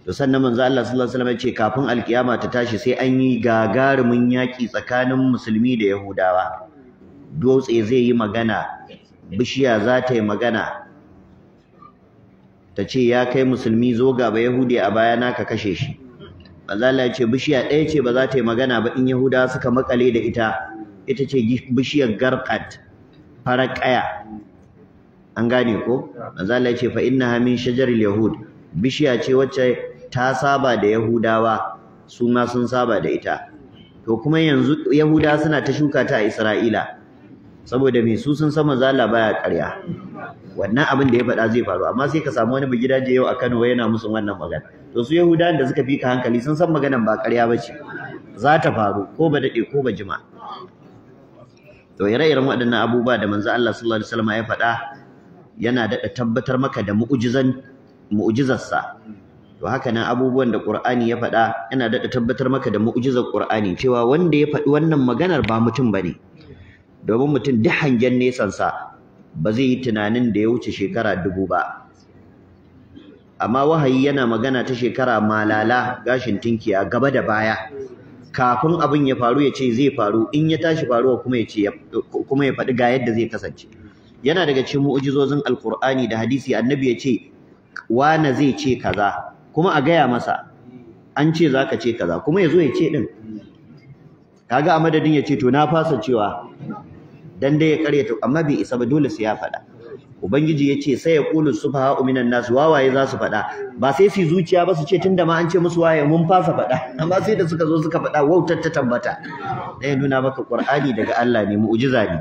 to sannan manzo Allah sallallahu alaihi wasallam ya ce kafin alkiyama ta tashi sai an yi gagarumin yaƙi tsakanin musulmi da yahudawa dutse zai yi magana bishiya za ta yi magana ta ce ya kai musulmi zo gaba yahudi a baya na ka kashe shi manzala ya ce bishiya ɗaya ce ba za ta yi magana ba in yahuda suka makale da ita ita ce bishiyar garkat farar ƙaya an gane ko manzala ya ce fa innaha min shajaril yahud bishiya ce wacce ta saba da yahudawa su ma sun saba da ita to kuma yanzu Yahuda suna ta shuka ta a isra'ila saboda me su sun san mazala baya ƙarya wannan abin da ya faɗa zai faru amma sai ka samu wani bigidaje yau a Kano yana musu wannan magana to su Yahudawan da suka fi ka hankali sun san maganan ba ƙarya bace za ta faru ko ba dade ko ba jima to ire-iren waɗannan abubuwa da manzo Allah sallallahu alaihi wasallam ya faɗa yana daɗa tabbatar maka da mu'jizan sa. to haka nan abubuwan da Qur'ani ya faɗa yana daɗa tabbatar maka da mu'jizar Qur'ani cewa wanda ya faɗi wannan maganar ba mutum bane domin mutum duk hangen nesansa ba zai yi tunanin da ya wuce shekara dubu ba amma wahayi yana magana ta shekara malala gashin a gaba da baya kafin abin ya faru ya ce zai faru in ya tashi faruwa kuma ya ce kuma ya faɗi ga yadda zai kasance yana daga cikin mu'jizozin alqur'ani da hadisi annabi ya ce wana zai ce kaza kuma a gaya masa an ce zaka ce kaza kuma ya zo ya ce din kaga a madadin ya ce to na fasa cewa dan dai ya karyata amma bai isa ba dole sai ya faɗa ubangiji ya ce sai ya kulu subha minan nas wawaye za su faɗa ba sai su zuciya ba su ce tunda ma an ce musu waye mun fasa faɗa amma sai da suka zo suka fada wautar ta tabbata dai nuna maka qur'ani daga Allah ne mu'jiza ne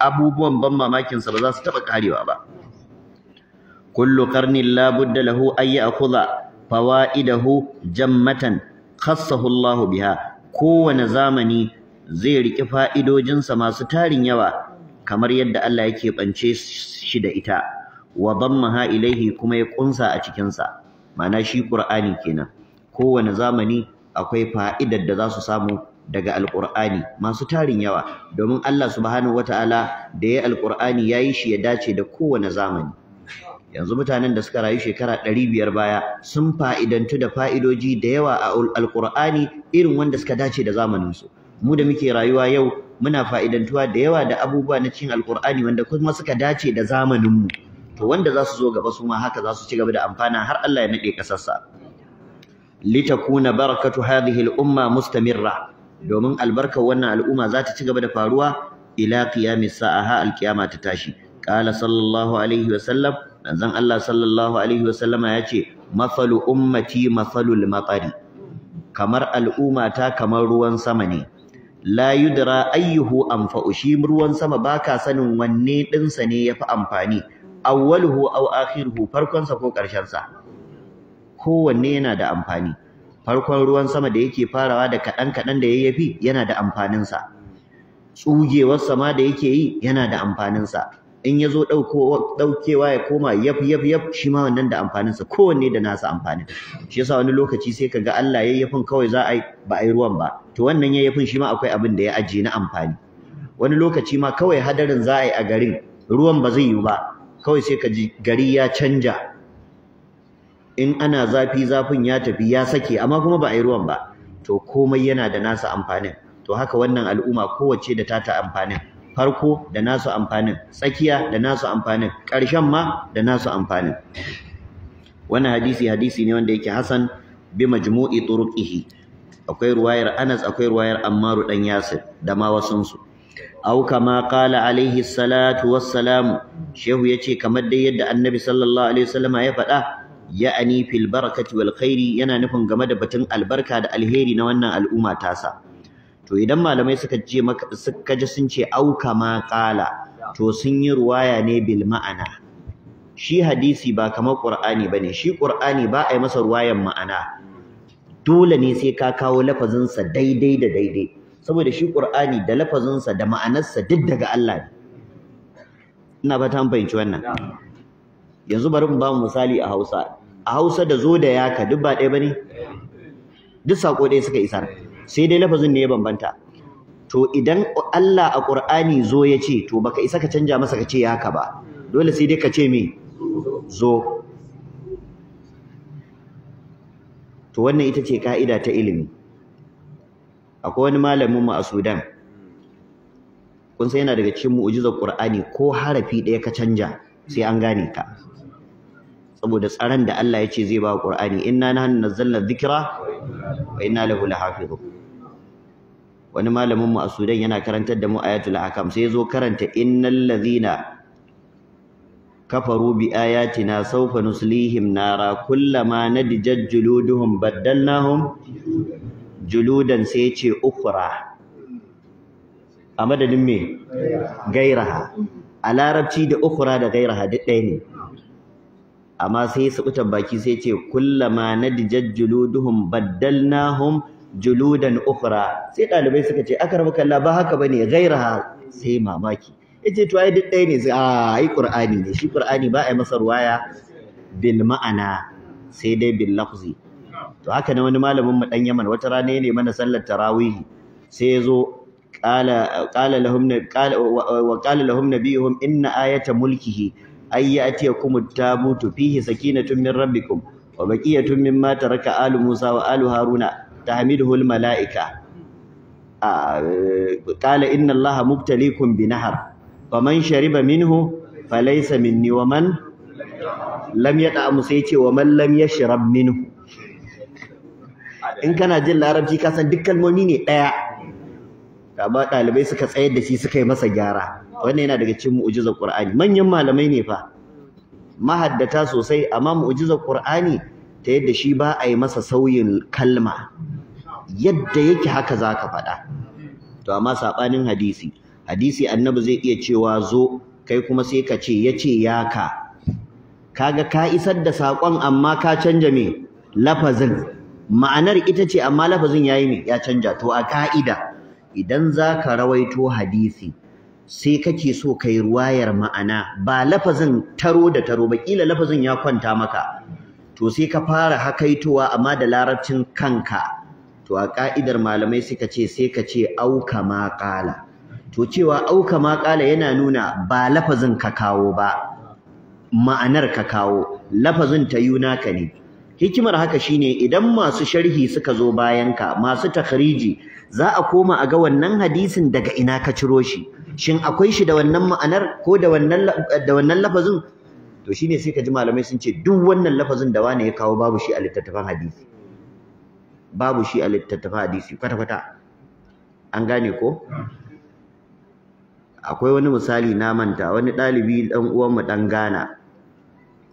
abubuwan ban mamakin sa ba za su taba karewa ba kullu qarnin la budda lahu ayya ya'khudha fawaidahu jammatan khassahu Allah biha kowane zamani zai riƙe fa'idojinsa masu tarin yawa kamar yadda Allah yake bance shi da ita wa dammaha ilaihi kuma ya ƙunsa a cikin sa ma'ana shi ƙur'ani kenan kowane zamani akwai fa'idar da za su samu daga alƙur'ani masu tarin yawa domin Allah subhanahu wata'ala da ya alqur'ani yayi shi ya dace da kowane zamani yanzu mutanen da suka rayu shekara ɗari biyar baya sun fa'idantu da fa'idoji da yawa a alqur'ani irin wanda suka dace da zamaninsu mu da muke rayuwa yau muna fa'idantuwa da yawa da abubuwa na cikin alkur'ani wanda kuma suka dace da zamaninmu to wanda za su zo gaba su ma haka za su ci gaba da amfana har Allah ya naɗe kasarsa litakuna barakatu hadhihi al-umma mustamirra domin albarkar wannan al'umma za ta ci gaba da faruwa ila qiyamis sa'a ha alqiyama ta tashi qala sallallahu alaihi wa sallam manzon Allah sallallahu alaihi wa sallama yace mafalu ummati mafalul matari kamar al'umma ta kamar ruwan sama ne la yudra ayyuhu anfa'u shi ruwan sama baka sanin wanne dinsa ne yafi amfani awwaluhu aw akhiruhu farkon sa ko karshen sa kowanne yana da amfani farkon ruwan sama da yake farawa da kadan kadan da yayyafi yana da amfanin sa tsugewar sama da yake yi yana da amfanin sa in ya zo ɗaukewa ya koma yaf yaf yaf shi ma wannan da amfaninsa kowanne da nasa amfanin shi yasa wani lokaci sai ka ga Allah yayyafin kawai za a ba ai ruwan ba to wannan yayyafin shi ma akwai abin da ya ajiye na amfani wani lokaci ma kawai hadarin za a yi a garin ruwan ba zai yi ba kawai sai ka ji gari ya canja in ana zafi zafin ya tafi ya sake amma kuma ba a yi ruwan ba to komai yana da nasa amfanin to haka wannan al'umma kowace da tata amfanin farko da nasu amfanin tsakiya da nasu amfanin ƙarshen ma da nasu amfanin wannan hadisi hadisi ne wanda yake hasan bi majmu'i turuqihi akwai ruwayar Anas akwai ruwayar Ammar dan Yasir da ma wasun su au kama qala alaihi salatu wassalam shehu yace kamar dai yadda annabi sallallahu alaihi wasallama ya faɗa ya'ani fil barakati wal khairi yana nufin game da batun albarka da alheri na wannan al'umma tasa to idan malamai suka ce maka suka ji sun ce auka ma qala to sun yi ruwaya ne bil ma'ana shi hadisi ba kamar qur'ani bane shi qur'ani ba a yi masa ruwayan ma'ana dole ne sai ka kawo lafazin sa daidai da daidai saboda shi qur'ani da lafazin sa da ma'anarsa duk daga Allah ne ina fata an fahimci wannan yanzu bari mu ba mu misali a Hausa a Hausa da zo da yaka duk ba ɗaya bane duk sako ɗaya suka isar sai dai lafazin ne ya bambanta to idan Allah a Qur'ani zo ya ce to baka isa ka canja masa ka ce ya haka ba dole sai dai ka ce me zo to wannan ita ce ka'ida ta ilimi akwai wani malamin mu a Sudan kun san yana daga cikin mu'jizar Qur'ani ko harafi ɗaya ka canja sai an gane ka saboda tsaron da Allah ya ce zai ba Qur'ani inna nahnu nazzalna dhikra wa inna lahu lahafizun wani malaminmu a Sudan yana karantar da mu ayatul ahkam sai zo karanta innal ladhina kafaru bi ayatina sawfa nuslihim nara kullama nadijat juluduhum baddalnahum juludan sai ce ukhra a madadin me gairaha a larabci da ukhra da gairaha duk ɗaya ne amma sai su baki sai ce kullama nadijat juluduhum baddalnahum juludan ukhra sai dalibai suka ce akramaka Allah ba haka bane ghairaha sai mamaki yace to ai duk ɗaya ne sai ah, ai qur'ani ne shi qur'ani ba ai masa ruwaya bil ma'ana sai dai bil lafzi to haka ne wani malamin mu dan Yaman wata rana ne mana sallar tarawih sai yazo qala qala lahum qala wa qala lahum nabiyuhum inna ayata mulkihi ay ya'tiyakum at-tabutu fihi sakinatun min rabbikum wa baqiyatun mimma taraka alu Musa wa alu Haruna tahmiduhu almalaika qala inna allaha mubtaliikum binahar faman shariba minhu falaysa minni waman lam yata'amu sai ce waman lam yashrab minhu in kana jin larabci ka san duk kalmomi ne daya amma dalibai suka tsayar da shi suka yi masa gyara wannan yana daga cikin mu'jizar Qur'ani manyan malamai ne fa mahaddata sosai amma mu'jizar Qur'ani ta yadda shi ba a yi masa sauyin kalma yadda yake haka za ka faɗa to amma saɓanin hadisi hadisi annabi zai iya cewa zo kai kuma sai ka ce ya ka kaga ka isar da saƙon amma ka canja me lafazin ma'anar ita ce amma lafazin yayi me ya canja to a ka'ida idan za ka rawaito hadisi sai kake so kai ruwayar ma'ana ba lafazin taro da taro ba ƙila lafazin ya kwanta maka to sai ka fara hakaitowa amma da larabcin kanka to a ka'idar malamai suka ce sai ka ce auka ma qala to cewa auka ma yana nuna ba lafazin ka kawo ba ma'anar ka kawo lafazin ta yuna ka ne hikimar haka shine idan masu sharhi suka zo bayanka masu takhriji za a koma a ga wannan hadisin daga ina ka ciro shi shin akwai shi da wannan ma'anar ko da wannan da wannan lafazin to shine sai ka ji malamai sun ce duk wannan lafazin da wani ya kawo babu shi a littattafan hadisi babu shi a littattafa hadisi kwata-kwata an gane ko akwai wani misali na manta wani ɗalibi ɗan uwanmu dan gana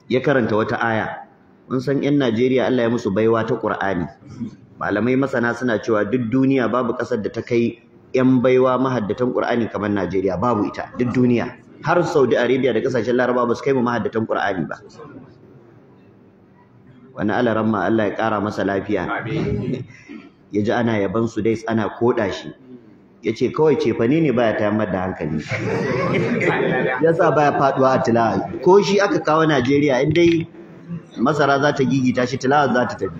ya karanta wata aya mun san 'yan Najeriya Allah ya musu baiwa ta Qur'ani malamai masana suna cewa duk duniya babu ƙasar da ta kai 'yan baiwa mahaddatan Qur'ani kamar Najeriya babu ita duk duniya har Saudi Arabia da ƙasashen Laraba ba su kai mu mahaddatan ƙur'ani ba wani alaran ma Allah ya ƙara masa lafiya ya ji ana yaban su dai ana koɗa shi ya ce kawai cefane ne baya tayammar da hankali ya sa baya faɗuwa a tilawa ko shi aka kawo Najeriya in dai masara za ta gigita shi tilawa za ta tafi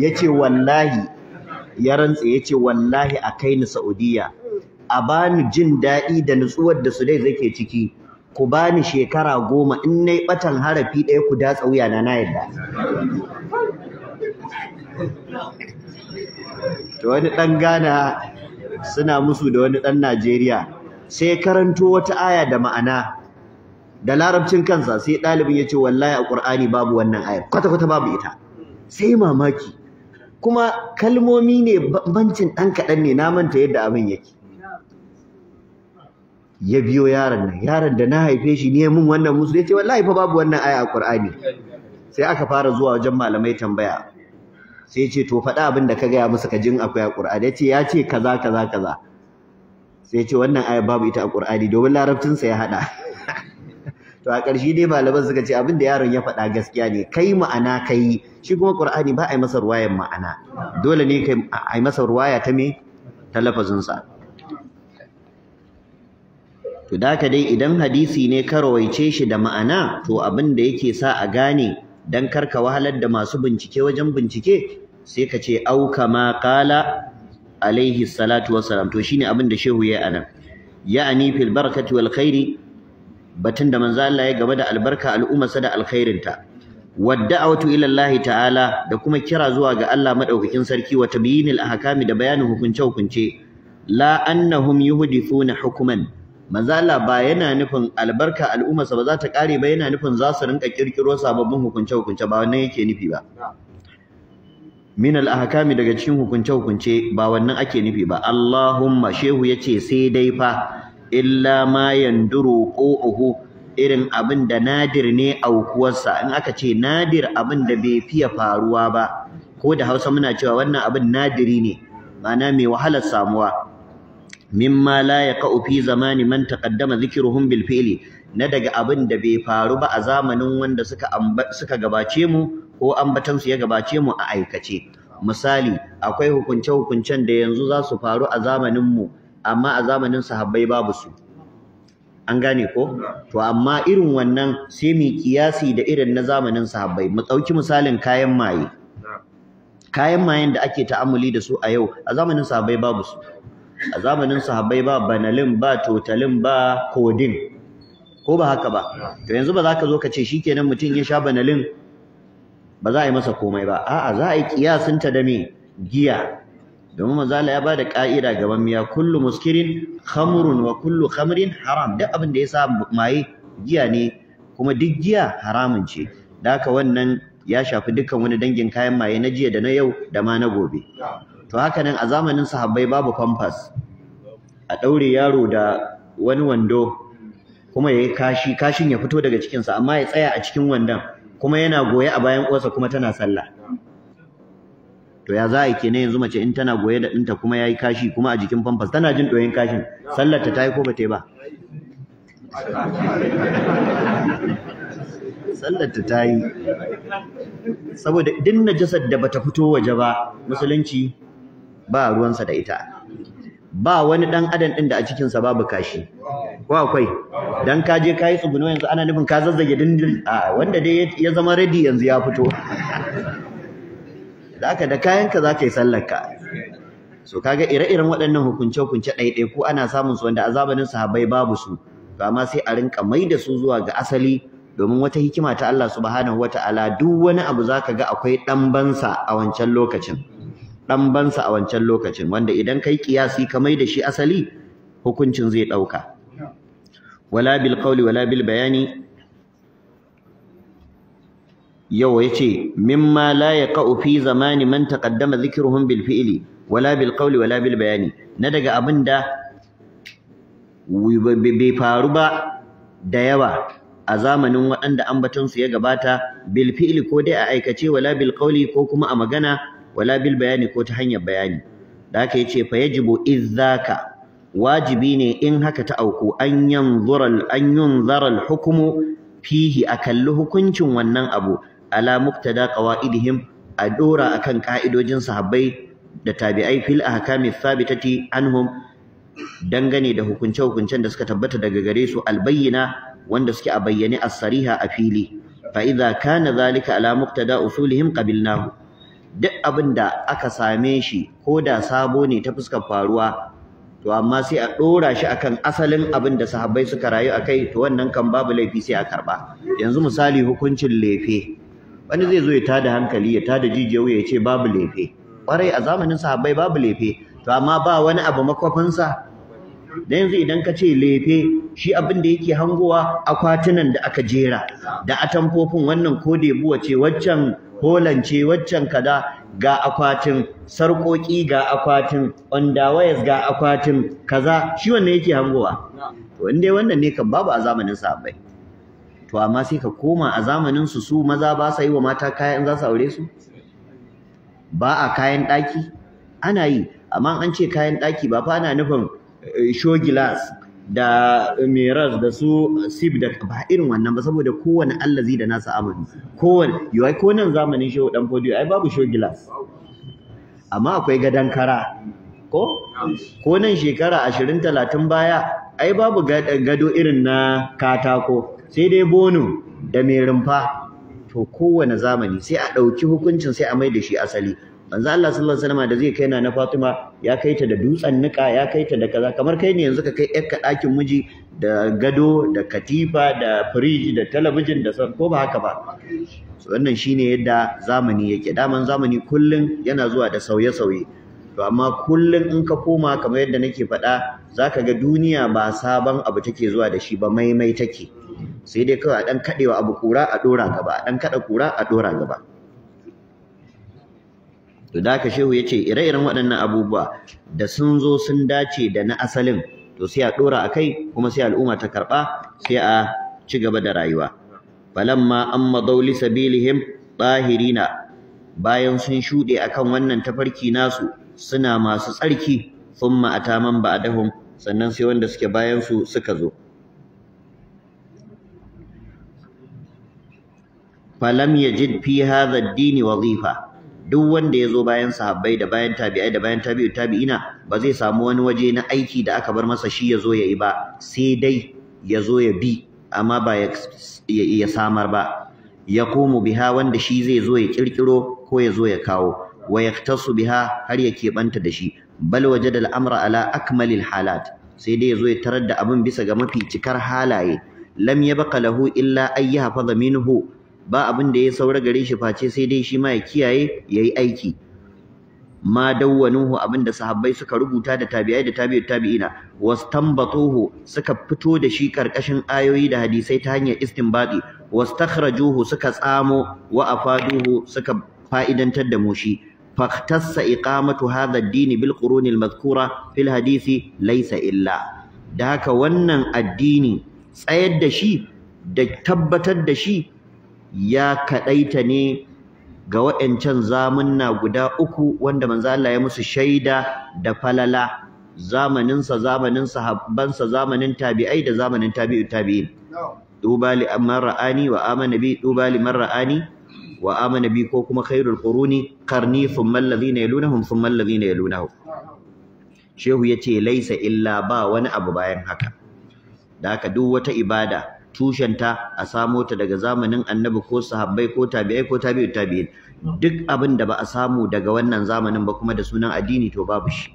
ya ce wallahi ya rantse ya ce wallahi a kai ni Saudiyya. a bani jin daɗi da nutsuwar da su dai zake ciki ku bani shekara goma in na yi batan harafi ɗaya ku datsa wuya na na yadda wani ɗan Ghana suna musu da wani ɗan Najeriya sai karanto wata aya da ma'ana da larabcin kansa sai ɗalibin ya ce wallahi a ƙur'ani babu wannan aya. kwata-kwata babu ita sai mamaki kuma kalmomi ne bambancin ɗan kaɗan ne na manta yadda abin yake ya biyo yaron nan yaron da na haife shi ne mun wannan musu yace wallahi fa babu wannan aya a Qur'ani sai aka fara zuwa wajen malamai tambaya sai ce to faɗa abin da ka gaya musu ka jin akwai a Qur'ani yace ya ce kaza kaza kaza sai ce wannan aya babu ita a Qur'ani domin larabcin sa ya hada to a ƙarshe dai malaman suka ce abin da yaron ya faɗa gaskiya ne kai ma'ana kai shi kuma Qur'ani ba a yi masa ruwayan ma'ana dole ne kai a yi masa ruwaya ta me ta lafazin sa to da ka dai idan hadisi ne ka rawaice shi da ma'ana to abin da yake sa a gane dan karka wahalar da masu bincike wajen bincike sai ka ce au kama qala alaihi salatu wassalam to shine abin da shehu yayi anan ya'ani fil barakati wal khairi batun da manzo Allah ya gaba da albarka al'umma sada alkhairinta a ila Allah ta'ala da kuma kira zuwa ga Allah madaukakin sarki wa tabyinil ahkami da bayanin hukunce hukunce la annahum yuhdithuna hukman manzo Allah ba yana nufin albarka al'ummarsa ba za ta kare ba yana nufin za su rinka kirkiro sababbin hukunce hukunce ba wannan yake nufi ba min al-ahkami daga cikin hukunce hukunce ba wannan ake nufi ba Allahumma shehu yace sai dai fa illa ma yanduru qu'uhu irin abin da nadir ne aukuwarsa in aka ce nadir abin da bai fiya faruwa ba ko da Hausa muna cewa wannan abin nadiri ne ma'ana mai wahalar samuwa Mimmala ya yaqa'u fi zamani man taqaddama dhikruhum bil fi'li na daga abin da bai faru ba a zamanin wanda suka gabace mu ko ambatan ya gabace mu a aikace misali akwai hukunce hukuncen da yanzu za su faru a zamanin amma a zamanin sahabbai babu su an gane ko to amma irin wannan sai mu kiyasi da irin na zamanin sahabbai mu dauki misalin kayan maye mayen da ake ta'amuli da su a yau a zamanin sahabbai babu su a zamanin sahabbai ba banalin ba totalin ba kodin ko ba haka ba to yanzu ba za ka zo ka ce shi shikenan mutum ya sha banalin ba za a yi masa komai ba a'a za a yi kiyasin ta da me giya domin manzala ya bada ka'ida gaban miya kullu muskirin khamrun wa kullu khamrin haram duk abin da ya sa maye giya ne kuma duk giya haramun ce da haka wannan ya shafi dukkan wani dangin kayan maye na jiya da na yau da ma na gobe to haka nan a zamanin sahabbai babu pampers a daure yaro da wani wando kuma yayi kashi kashin ya fito daga cikin sa amma ya tsaya a cikin wandon kuma yana goye a bayan uwarsa kuma tana sallah to ya za a kenan yanzu mace in tana goye da dinta kuma yayi kashi kuma a jikin pampers tana jin doyin kashin sallar ta tayi ko ba yi ba sallarta ta yi saboda duk najasar da bata fito waje ba musulunci ba ruwansa da ita ba wani dan adam din da a cikin sa babu kashi ko akwai dan ka je kai tsuguno yanzu ana nufin ka zazzage dindin a wanda dai ya zama ready yanzu ya fito zaka da kayan ka zaka yi sallar ka so kaga ire-iren waɗannan hukunce-hukunce ɗaiɗai ko ana samun su wanda a sahabbai babu su to amma sai a rinka mai da su zuwa ga asali domin wata hikima ta Allah subhanahu wataala duk wani abu zaka ga akwai ɗan bansa a wancan lokacin dan bansa a wancan lokacin wanda idan kai kiyasi ka mai da shi asali hukuncin zai ɗauka. wala bil qawli wala bil bayani yau yace mimma la yaqau fi zamani man taqaddama dhikruhum bil fi'li wala bil qawli wala bil bayani na daga abin da bai faru ba da yawa a zamanin waɗanda ambaton ya gabata bil fi'li ko dai a aikace wala bil qawli ko kuma a magana wala bil bayani ko ta hanyar bayani da haka yace fa yajibu idzaka wajibi ne in haka ta auku an yanzura an yunzara al fihi akalli hukuncin wannan abu ala muqtada qawaidihim a dora akan ka'idojin sahabbai da tabi'ai fil ahkami thabitati anhum dangane da hukunce-hukuncen da suka tabbata daga gare su albayyana wanda suke a bayyane as-sariha a fili fa idza kana zalika ala muqtada usulihim qabilnahu duk abin da aka same shi ko da sabo ne ta fuskar faruwa to amma sai a ɗora shi akan asalin abin da sahabbai suka rayu akai kai to wannan kan babu laifi sai a karba. yanzu misali hukuncin lefe wani zai zo ya tada hankali ya tada jijiya ya ce babu lefe Kwarai, a zamanin sahabbai babu lefe to amma ba wani abu makwafinsa dan yanzu idan ka ce lefe shi abin da yake hangowa akwatunan da aka jera da atamfofin wannan ko debuwa ce waccan kolance waccan kaza ga akwatin sarkoki ga akwatin wayas ga akwatin kaza shi wannan yake hangowa to wannan ne kan babu a zamanin sahabbai to amma sai ka koma a zamanin su su maza ba sa yi wa mata kayan za su aure su ba a kayan ɗaki ana yi amma an ce kayan ɗaki ba fa ana nufin eh, show glass da eh, miras da su eh, sib da ba irin wannan ba saboda kowane allazi da nasa aman kowane yawai ko nan zamanin shehu dan fodiyo ai babu show gilas amma akwai gadan kara ko kowane nan shekara 20 30 baya ai babu eh, gado irin na katako sai dai bono da mai rumfa to kowane zamani sai a ɗauki hukuncin sai a mai da shi asali manzo Allah sallallahu alaihi wasallam da zai kai na Fatima ya kai ta da dutsen nika ya kai ta da kaza kamar kai ne yanzu ka kai ƴarka ɗakin miji da gado da katifa da firiji da talabijin da san ko ba haka ba wannan shine yadda zamani yake daman zamani kullun yana zuwa da sauye-sauye to amma kullun in ka koma kamar yadda nake faɗa zaka ga duniya ba sabon abu take zuwa da shi ba maimai take sai dai kawai a ɗan kaɗewa abu kura a ɗora gaba a ɗan kaɗa kura a ɗora gaba to da haka shehu yace ire-iren waɗannan abubuwa da sun zo sun dace da na asalin to sai a ɗora a kai kuma sai al'umma ta karba sai a ci gaba da rayuwa falamma amma dawli sabilihim tahirina bayan sun shude akan wannan tafarki nasu suna masu tsarki thumma a ba'dahum sannan sai wanda suke bayansu suka zo falam yajid fi hadha dini wa wazifa duk wanda ya zo bayan sahabbai da bayan tabi'ai da bayan tabi'u tabi'ina ba zai samu wani waje na aiki da aka bar masa shi ya zo ya yi ba sai dai ya zo ya bi amma ba ya samar ba ya komo biha wanda shi zai zo ya kirkiro ko ya zo ya kawo wa yaktasu biha har ya keɓanta da shi bal waje da al'amra ala akmalil halat sai dai ya zo ya tarar da abin bisa ga mafi cikar halaye lam yabqa lahu illa ayyaha fa minhu ba abin da ya saura gare shi face sai dai shi ma ya kiyaye yayi aiki ma dawwanuhu abin da sahabbai suka rubuta da tabi'ai da tabi'ut tabi'ina wastanbatuhu suka fito da shi karkashin ayoyi da hadisai ta hanyar istinbati wastakhrajuhu suka tsamo wa afaduhu suka fa'idantar da mu shi فاختص إقامة هذا الدين بالقرون المذكورة في الحديث da haka wannan addini tsayar da shi da tabbatar da shi ya kaɗaita ne ga waɗancan zamunna guda uku wanda manzo Allah ya musu shaida da falala zamaninsa zamanin sahabbansa zamanin tabi'ai da zamanin tabi'u tabi'in duba li amman wa amana bi duba li mara ani wa amana bi ko kuma khairul quruni qarni thumma alladhina yalunahum thumma alladhina yalunahum shehu yace laisa illa ba wani abu bayan haka da haka duk wata ibada tushenta a samo ta daga zamanin annabi ko sahabbai ko tabi'ai ko tabi'u tabi'in duk abin da ba a samu daga wannan zamanin ba kuma da sunan addini to babu shi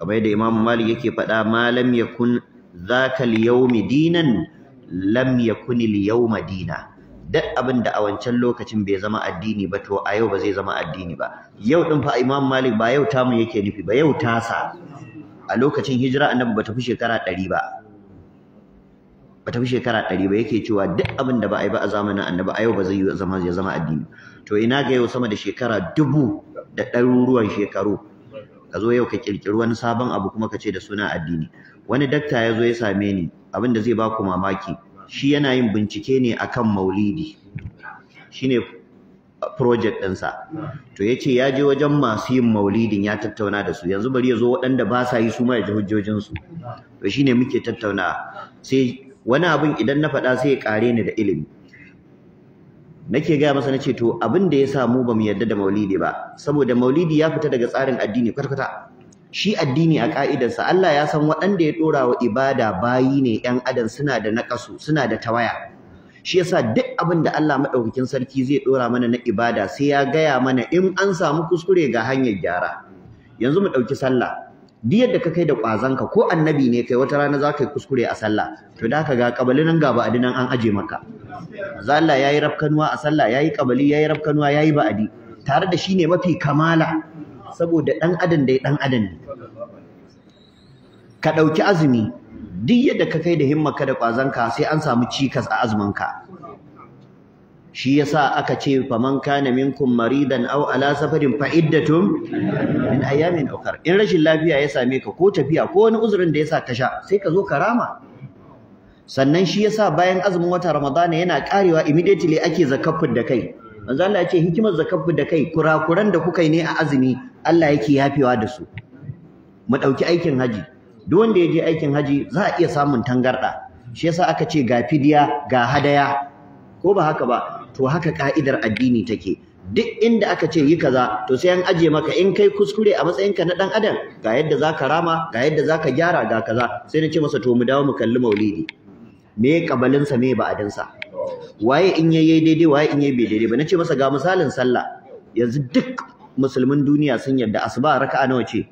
kamar yadda Imam Malik yake faɗa malam yakun zaka al-yawmi dinan lam yakun al-yawma dina duk abin da a wancan lokacin bai zama addini ba to a yau ba zai zama addini ba yau din fa Imam Malik ba yau tamu yake nufi ba yau tasa a lokacin hijira annabi ba ta fi shekara 100 ba ba ta fi shekara ɗari ba yake cewa duk abin da ba a yi ba a zamanin annabi a yau ba zai zama ya zama addini to ina ga yau sama da shekara dubu da ɗaruruwan shekaru ka zo yau ka ƙirƙiri wani sabon abu kuma ka ce da suna addini wani dakta ya zo ya same ni abin da zai ba ku mamaki shi yana yin bincike ne a kan maulidi shine project ɗinsa to ya ce ya je wajen masu yin maulidin ya tattauna da su yanzu bari ya zo waɗanda ba sa yi su ma ya ji hujjojinsu to shine muke tattauna sai wani abin idan na faɗa sai ya ƙare ni da ilimi nake gaya masa na ce to abin da sa mu bamu yarda da maulidi ba saboda maulidi ya fita daga tsarin addini kwatkwata shi addini a ƙa'idarsa Allah ya san waɗanda ya ɗora wa ibada bayi ne 'yan adam suna da naƙasu suna da tawaya shi yasa duk abin da Allah madaukakin sarki zai ɗora mana na ibada sai ya gaya mana in an samu kuskure ga hanyar gyara yanzu mu ɗauki sallah duk yadda ka kai da ƙwazanka ko annabi ne kai wata rana za ka yi kuskure a sallah to da ka ga kabali nan ga ba'adi nan an aje maka manzo Allah yayi rafkanuwa a sallah yayi kabali yayi rafkanuwa yayi ba'adi tare da ne mafi kamala saboda dan adam dai dan adam ne ka dauki azumi duk yadda ka kai da ka da ƙwazanka sai an samu cikas a azumin ka. shi yasa aka ce faman kana minkum maridan aw ala safarin fa iddatum min ayamin ukhra in rashin lafiya ya same ka ko tafiya ko wani uzurin da yasa ka sha sai ka zo ka rama sannan shi yasa bayan azumin wata ramadana yana karewa immediately ake zakaffin da kai manzo Allah ya ce hikimar zakaffin da kai kurakuran da kuka yi ne a azumi Allah yake yafewa da su mu dauki aikin haji duk wanda ya je aikin haji za a iya samun tangarda shi yasa aka ce ga fidiya ga hadaya ko ba haka ba to haka ka'idar addini take duk inda aka ce yi kaza to sai an aje maka in kai kuskure a matsayinka na dan adam ga yadda zaka rama ga yadda zaka gyara ga kaza sai na ce masa to mu dawo mu kalli maulidi me kabalin sa me ba'adin sa waye in yayi daidai waye in yayi bai daidai ba Na ce masa ga misalin sallah yanzu duk musulmin duniya sun yadda asuba raka'a nawa ce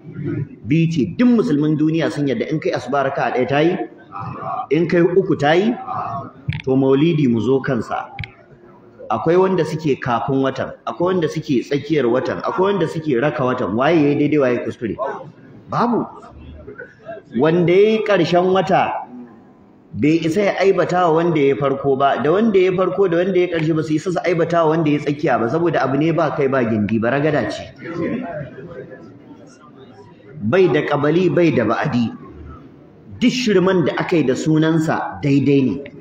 bi ce duk musulmin duniya sun yadda in kai asuba raka'a ɗaya tayi in kai uku tayi to maulidi mu zo kansa akwai wanda suke kafin watan akwai wanda suke tsakiyar watan akwai wanda suke raka watan waye yayi daidai waye kuskure babu wanda yayi karshen wata bai isa ya aibata wa wanda ya farko ba da wanda ya farko da wanda ya karshe ba su isa su aibata wa wanda ya tsakiya ba saboda abu ne ba kai ba gindi ba ragada ce bai da kabali bai da ba'adi duk shirman da aka yi da sunansa daidai ne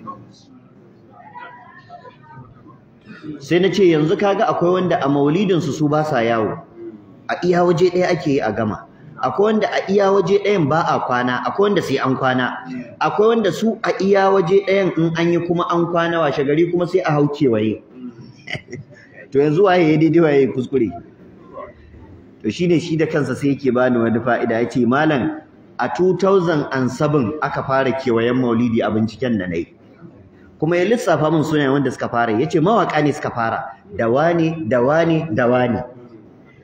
sai na ce yanzu kaga akwai wanda a maulidin su su ba sa yawo a iya waje ɗaya ake yi a gama akwai wanda a iya waje ɗayan ba a kwana akwai wanda sai an kwana akwai wanda su a iya waje ɗayan in an yi kuma an kwana washe gari kuma sai a hau kewaye to yanzu waye ya daidai waye kuskure to shine shi da kansa sai yake bani wani fa'ida Ya ce malam a 2007 aka fara kewayen maulidi a binciken da nayi kuma ya lissafa min sunayen wanda suka fara yace mawaka ne suka fara da wani da wani da wani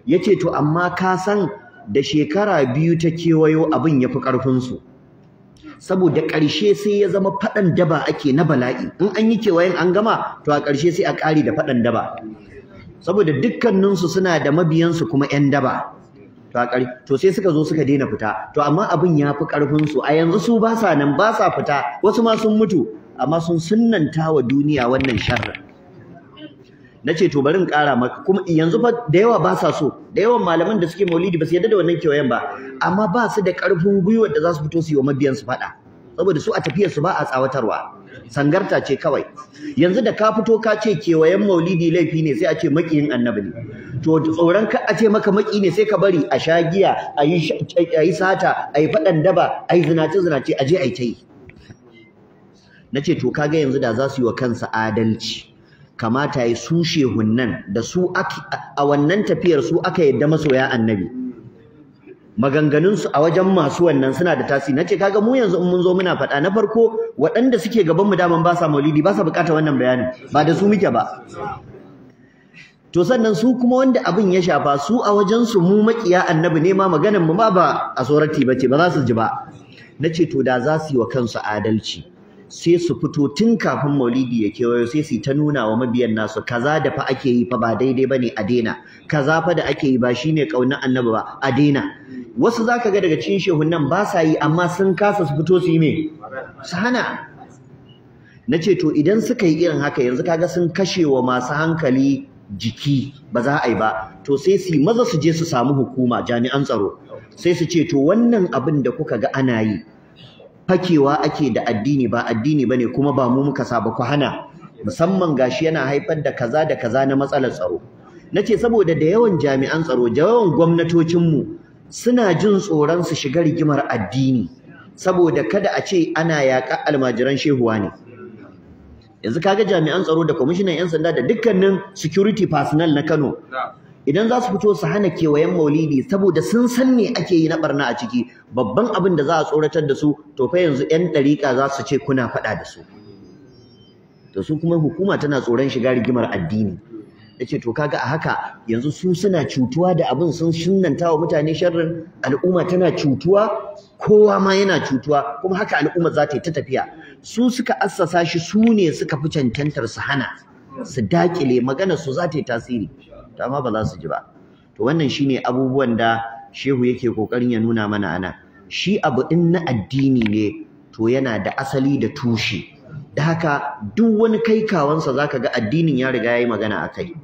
yace to amma ka san da shekara biyu ta kewayo abin yafi karfin su saboda ƙarshe sai ya zama faɗan daba ake na bala'i in an yi kewayen an gama to a ƙarshe sai a ƙari da faɗan daba saboda dukkaninsu suna da mabiyansu kuma 'yan daba to sai suka zo suka daina fita to amma abin ya fi ƙarfinsu a yanzu su ba sa nan ba sa fita wasu ma sun mutu amma sun sunnanta wa duniya wannan sharrin nace to bari in ƙara maka kuma yanzu fa da yawa ba sa so da yawan malaman da suke maulidi ba su yarda da wannan kewayen ba amma ba su da ƙarfin gwiwar da za su fito su yi wa mabiyan su faɗa saboda su a tafiyar su ba a tsawatarwa sangarta ce kawai yanzu da ka fito ka ce kewayen maulidi laifi ne sai a ce makiyin annabi ne to tsoron ka a ce maka maki ne sai ka bari a sha giya a yi sata a yi faɗan daba a yi zinace zinace a je a yi ta Na ce to kaga yanzu da za su yi wa kansa adalci kamata yi su shehunnan da su a wannan tafiyar su aka yadda masoya annabi maganganunsu a wajen masu wannan suna da tasiri Na ce kaga mu yanzu in mun zo muna faɗa na farko waɗanda suke gaban mu daman ba sa maulidi ba sa buƙatar wannan bayanin ba da su muke ba to sannan su kuma wanda abin ya shafa su a wajen su mu makiya annabi ne ma maganar mu ma ba a sorati bace ba za su ji ba nace to da za su yi wa kansu adalci sai su fito tun kafin maulidi ya kewayo sai su ta nuna wa mabiyan nasu kaza da fa ake yi fa ba daidai bane a daina kaza fa da ake yi ba shine kaunar annabi ba a daina wasu zaka ga daga cikin shehunnan ba sa yi amma sun kasa su fito su yi me su hana nace to idan suka yi irin haka yanzu kaga sun kashe wa masu hankali jiki ba za a yi ba to sai su maza su je su samu hukuma jami'an tsaro sai su ce to wannan abin da kuka ga ana yi fakewa ake da addini ba addini bane kuma ba mu muka saba ku hana musamman gashi yana haifar da kaza da kaza na matsalar tsaro nace saboda da yawan jami'an tsaro yawan gwamnatocin mu suna jin tsoron su shiga rigimar addini saboda kada a ce ana yaƙa almajiran shehuwa ne yanzu kaga jami'an tsaro da kwamishinan 'yan sanda da dukkanin security personnel na Kano idan za su fito su hana kewayen maulidi saboda sun san me ake yi na barna a ciki babban abin da za a tsoratar da su to fa yanzu yan dariƙa za su ce kuna faɗa da su to su kuma hukuma tana tsoron shiga rigimar addini yace to kaga a haka yanzu su suna cutuwa da abin sun shinnanta mutane sharrin al'umma tana cutuwa kowa ma yana cutuwa kuma haka al'umma za ta yi ta tafiya su suka assasa shi su ne suka fi cancantar su hana su daƙile magana su za ta yi tasiri dama ba za su ji ba to wannan shine abubuwan da shehu yake kokarin ya nuna mana ana shi abu in na addini ne to yana da asali da tushe da haka duk wani kai kawansa zaka ga addinin ya riga yayi magana akai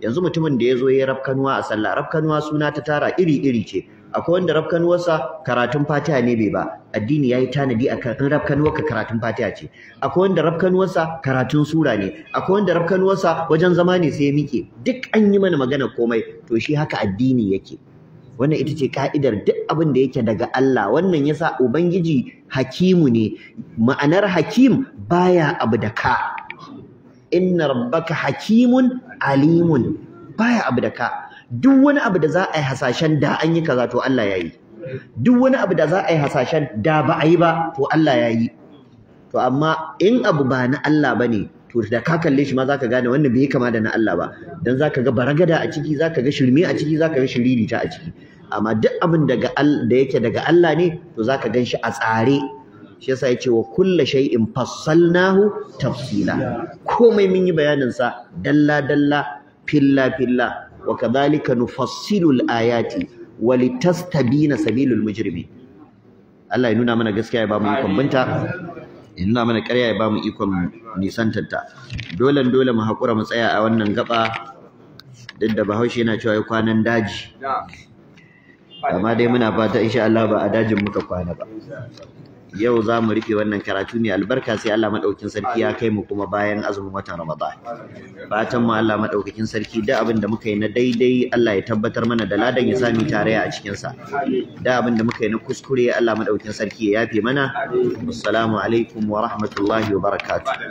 yanzu mutumin da ya zo ya rafkanuwa a sallah rafkanuwa suna ta tara iri iri ce akwai wanda wasa karatun fatiha ne bai ba addini ya yi tanadi akan in rafkanuwarka karatun fatiha ce akwai wanda wasa karatun sura ne akwai wanda wasa wajen zama ne sai ya mike duk an yi mana magana komai to shi haka addini yake wannan ita ce ka'idar duk abin da yake daga Allah wannan yasa ubangiji hakimu ne ma'anar hakim baya abu da ka inna rabbaka hakimun alimun baya abu da ka duk wani abu da za a yi hasashen da an yi kaza to Allah ya yi duk wani abu da za a yi hasashen da ba a yi ba to Allah ya yi to amma in abu ba na Allah ba ne to da ka kalle shi ma za ka gane wannan bai kama da na Allah ba don za ka ga baragada a ciki za ka ga shirme a ciki za ka ga shiririta a ciki amma duk abin da yake daga Allah ne to za ka gan shi a tsare shi yasa ya ce wa kulla shay'in fassalnahu tafsila komai mun yi bayanin sa dalla dalla filla filla wa kadhalika nufassilu al-ayati wa litastabina sabilul mujrimin Allah ya nuna mana gaskiya ya ba mu ikon binta ya nuna mana ƙarya ya ba mu ikon nisantarta dole dole mu haƙura mu tsaya a wannan gaɓa. duk da Bahaushe yana cewa kwanan daji amma dai muna fata insha Allah ba a dajin muka kwana ba yau za mu rufe wannan karatu ne albarka sai Allah madaukakin sarki ya kai mu kuma bayan azumin watan Ramadan fatan mu Allah madaukakin sarki da abin da muka yi na daidai Allah ya tabbatar mana da ladan ya sami tarayya a cikin sa da abin da muka yi na kuskure Allah madaukakin sarki ya yafe mana assalamu alaikum wa rahmatullahi wa barakatuh